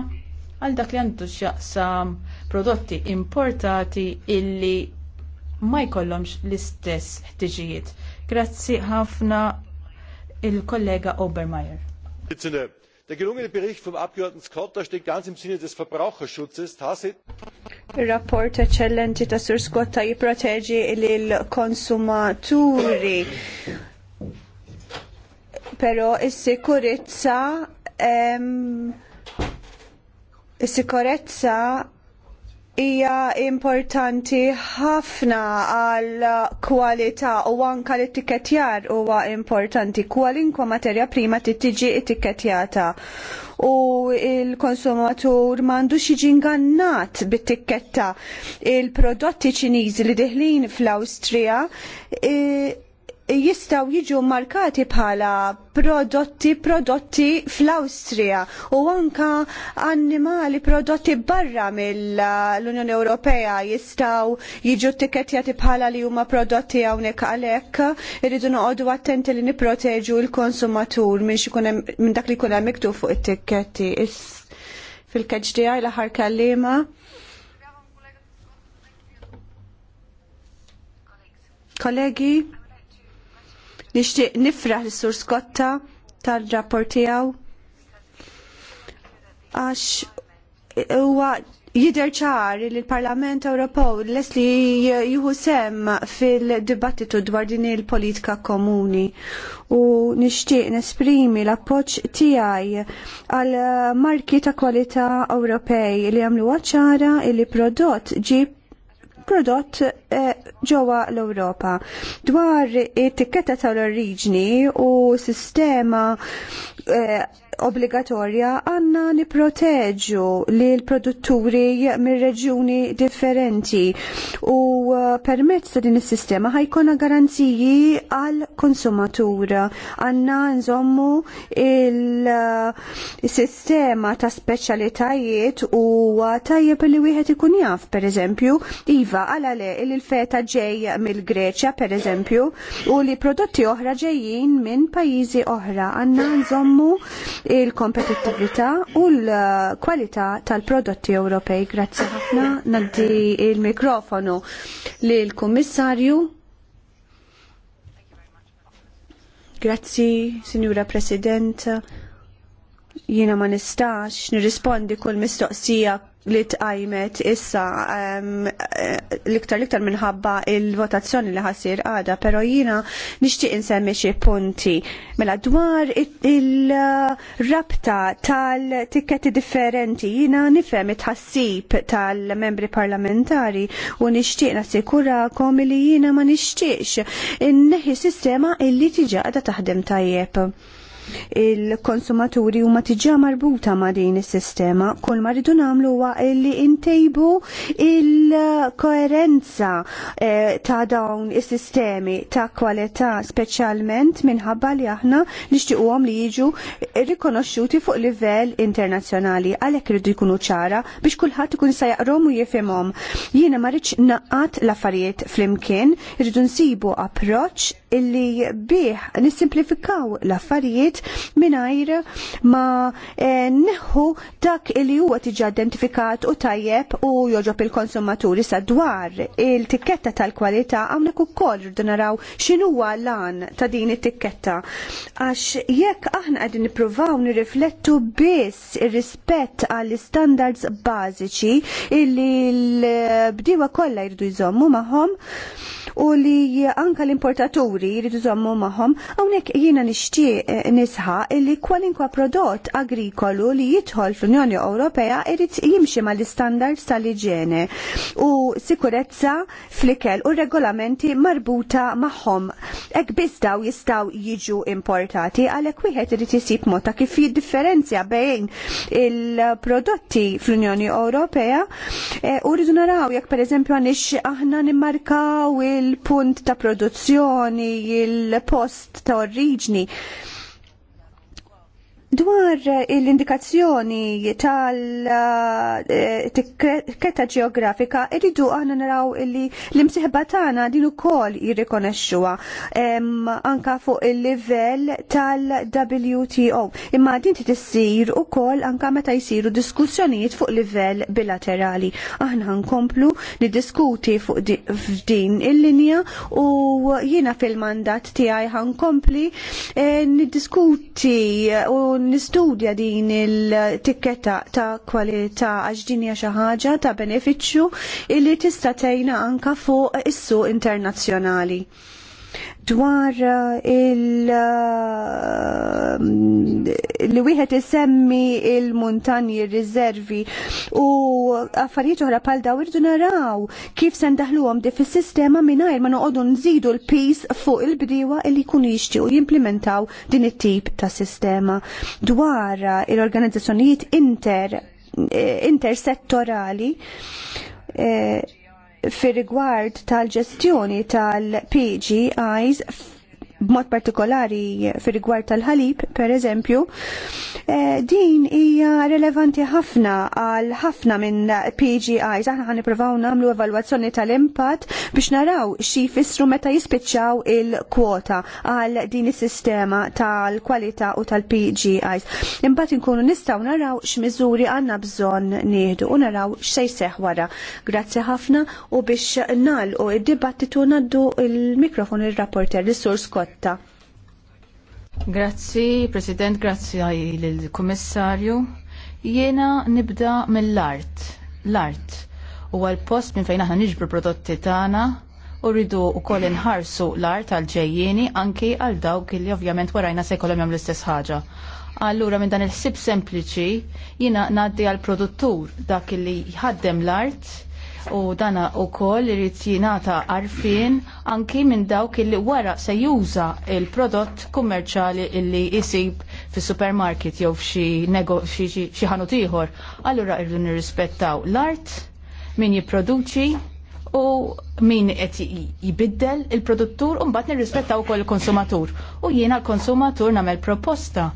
għal dak li għandu xaqsam prodotti importati illi ma jkollhomx l-istess ħtiġijiet. Grazzi ħafna il-kollega Obermeyer. Der gelungene Bericht vom Abgeordneten steht ganz im Sinne des Verbraucherschutzes. Il-rapport eccellenti ta' Sur Scotta jipproteġi il-konsumaturi. Però is-sikurezza is-sikurezza hija importanti ħafna għal kwalità u anke l-ittikettjar huwa importanti kwalinkwa materja prima tittiġi ittikettjata u il-konsumatur m'għandux jiġi ingannat bit-tikketta il-prodotti ċiniżi li deħlin fl-Awstrija e jistaw jiġu markati bħala prodotti prodotti fl-Awstrija u anka animali prodotti barra mill-Unjoni Ewropea jistaw jiġu tikketjati bħala li huma prodotti hawnhekk għalhekk irridu noqogħdu attenti li nipproteġu l-konsumatur minn min dak li jkun hemm fuq it-tikketti fil-keġdija l-aħħar kallima. Kollegi, Nixtieq nifraħ lis sur Skotta tal-rapport tiegħu għax huwa jidher ċar li l-Parlament Ewropew les li jieħu sem fil-dibattitu dwar din il-politika komuni u nixtieq nesprimi l-appoġġ tiegħi għal marki ta' kwalità Ewropej li għamlu ċara li prodott ġib prodott eh, ġewwa l-Ewropa. Dwar it-tikketta tal-oriġni u sistema eh, obbligatorja għanna niproteġu li l-produtturi mir reġjuni differenti u uh, permezz ta' din is-sistema ħajkonna garanziji għal konsumatur għanna nżommu il-sistema uh, ta' speċjalitajiet u tajjeb li wieħed ikun jaf pereżempju iva le il-feta ġej mill-Greċja pereżempju u li prodotti oħra ġejjin minn pajjiżi oħra għanna nżommu il-kompetittività u l-kwalità tal-prodotti Ewropej. Grazzi ħafna naddi il-mikrofonu lill-Kummissarju. Grazzi, Signora President. Jiena ma nistax nirrispondi kull mistoqsija li tqajmet issa eh, l-iktar l-iktar minħabba il-votazzjoni li ħasir għada, pero jina nishtiq insemmi xie punti. Mela dwar il-rabta tal tiketti differenti, jina nifem it-ħassib tal-membri parlamentari u nishtiq nasikurakom li jina ma nishtiqx inneħi sistema illi tiġa għada taħdem tajjeb il-konsumaturi huma tiġà marbuta ma' din is-sistema. Kull ma rridu nagħmlu huwa li ntejbu il-koerenza eh, ta' dawn is-sistemi ta' kwalità speċjalment minħabba li aħna nixtiequhom li jiġu rikonoxxuti fuq livell internazzjonali għalhekk irridu jkunu ċara biex kulħadd ikun sa jaqrom u jifhimhom. Jiena ma rridx naqat l-affarijiet flimkien, irridu nsibu approċċ illi bih nissimplifikaw l-affarijiet Minajr ma eh, neħu dak li huwa tiġi identifikat u tajjeb u joġob il-konsumaturi sadwar il-tikketta tal-kwalità hawnhekk ukoll irdu naraw x'inhuwa lan ta' din it-tikketta. Għax jekk aħna qegħdin nippruvaw nirriflettu biss ir-rispett għall-standards bażiċi illi l bdiwa kollha jridu jżommu magħhom, u li anka l-importaturi jridu zommu magħhom hawnhekk jiena nixtieq eh, nisħa li kwalinkwa prodott agrikolu li jidħol fl-Unjoni Ewropea jrid jimxi mal-istandards tal-iġene u sikurezza fl-ikel u regolamenti marbuta magħhom. Hekk bizdaw jistaw jistgħu jiġu importati għalhekk wieħed irid isib mota kif jiddifferenzja bejn il-prodotti fl-Unjoni Ewropea eh, u rridu naraw jekk pereżempju għanix aħna nimmarkaw il il-punt ta' produzzjoni, il-post ta' oriġni. Dwar eh, l-indikazzjoni tal eh, tikketa ġeografika, irridu għana naraw li l-imsiħba tagħna din ukoll jirrikonexxuha anka fuq il-livell tal-WTO. Imma din tissir ukoll anka meta jsiru diskussjonijiet fuq livell bilaterali. Aħna nkomplu niddiskuti fuq din il-linja u jiena fil-mandat tiegħi ħankompli eh, niddiskuti u nistudja din il-tikketta ta' kwalità għax din hija xi ħaġa ta' benefiċċju illi tista' tgħinna anke fuq is-suq internazzjonali dwar uh, il- uh, li wieħed isemmi il-muntanji il riservi u affarijiet oħra pal daw irdu naraw kif se ndaħluhom di fis-sistema mingħajr ma noqogħdu nżidu l-pis fuq il-bdiewa li jkunu jixtiequ jimplementaw din it-tip ta' sistema dwar il-organizzazzjonijiet uh, inter eh, intersettorali eh, fir rigward tal-ġestjoni tal-PGIs b'mod partikolari fir-rigward tal-ħalib, per eżempju, eh, din hija relevanti ħafna għal ħafna minn PGIs. Aħna ħan nipprovaw nagħmlu evalwazzjoni tal-impatt biex naraw xi jfissru meta jispiċċaw il-kwota għal din is-sistema tal-kwalità u tal-PGIs. Imbagħad inkunu nistgħu naraw x'miżuri għandna bżonn nieħdu u naraw x'se jseħħ wara. Grazzi ħafna u biex nagħlqu id-dibattitu naddu il-mikrofon ir-rapporter l-Sur Scott korretta. Grazzi, President, grazzi lill-Kummissarju. Jiena nibda mill-art. L-art huwa l-post minn fejn aħna niġbru prodotti tagħna u rridu u koll inħarsu l-art għal-ġejjeni anki għal dawk li ovvjament warajna se jkollhom jagħmlu l-istess ħaġa. Allura minn dan il-ħsib sempliċi jina ngħaddi għal produttur dak li jħaddem l-art u dana u kol irrit jinata arfin anki minn dawk illi wara se juża il-prodott kummerċali illi jisib fi supermarket jew f'xi ħanut ieħor. Allura irdu nirrispettaw l-art, min jipproduċi u min qed jibiddel il-produttur u mbagħad nirrispettaw ukoll il-konsumatur. U jiena l-konsumatur nagħmel proposta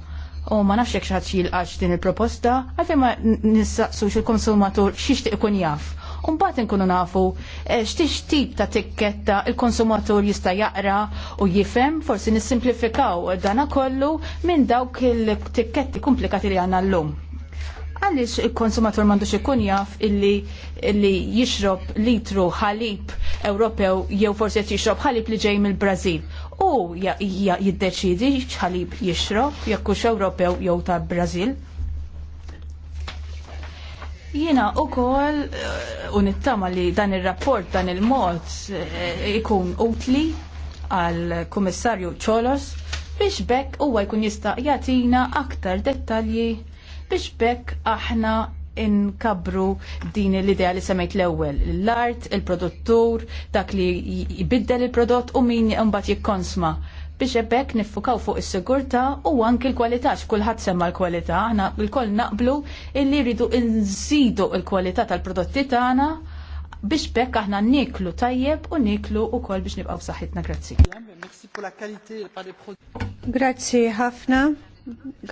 u ma nafx jekk xaħat xilqax din il-proposta, għalfejn ma nistaqsux il konsumatur xiex ikun jaf un bat nkunu nafu eh, x'tix tip ta' tikketta il-konsumatur jista' jaqra u jifhem, forsi nissimplifikaw dana kollu minn dawk il-tikketti komplikati li għandna llum. Għaliex il-konsumatur m'għandux ikun jaf illi, illi jixrob litru ħalib Ewropew jew forsi qed jixrob ħalib li ġej mill-Brażil u jiddeċidi x'ħalib jixrob jekk hux Ewropew jew ta' Brażil Jiena eh, u kol unittama li dan il-rapport dan il-mod eh, ikun utli għal komissarju ċolos biex bekk huwa jkun jista' jagħtina aktar dettalji biex bekk aħna inkabru din l-idea li semmejt l-ewwel l-art, il-produttur, dak li jbiddel il-prodott u min jimbat jikkonsma biex ebbek niffukaw fuq is-sigurtà u anki l-kwalità x'kulħadd semma l-kwalità. Aħna l-koll naqblu illi rridu nżidu l-kwalità tal-prodotti tagħna biex bekk aħna niklu tajjeb u niklu u biex nibqaw saħħitna grazzi. Grazzi ħafna,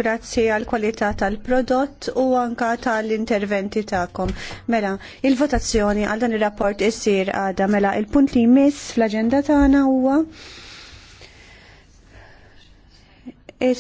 grazzi għal kwalità tal-prodott u anka tal-interventi ta'kom. Mela, il-votazzjoni għal dan il-rapport issir għada mela il-punt li jmiss fl-agenda tagħna huwa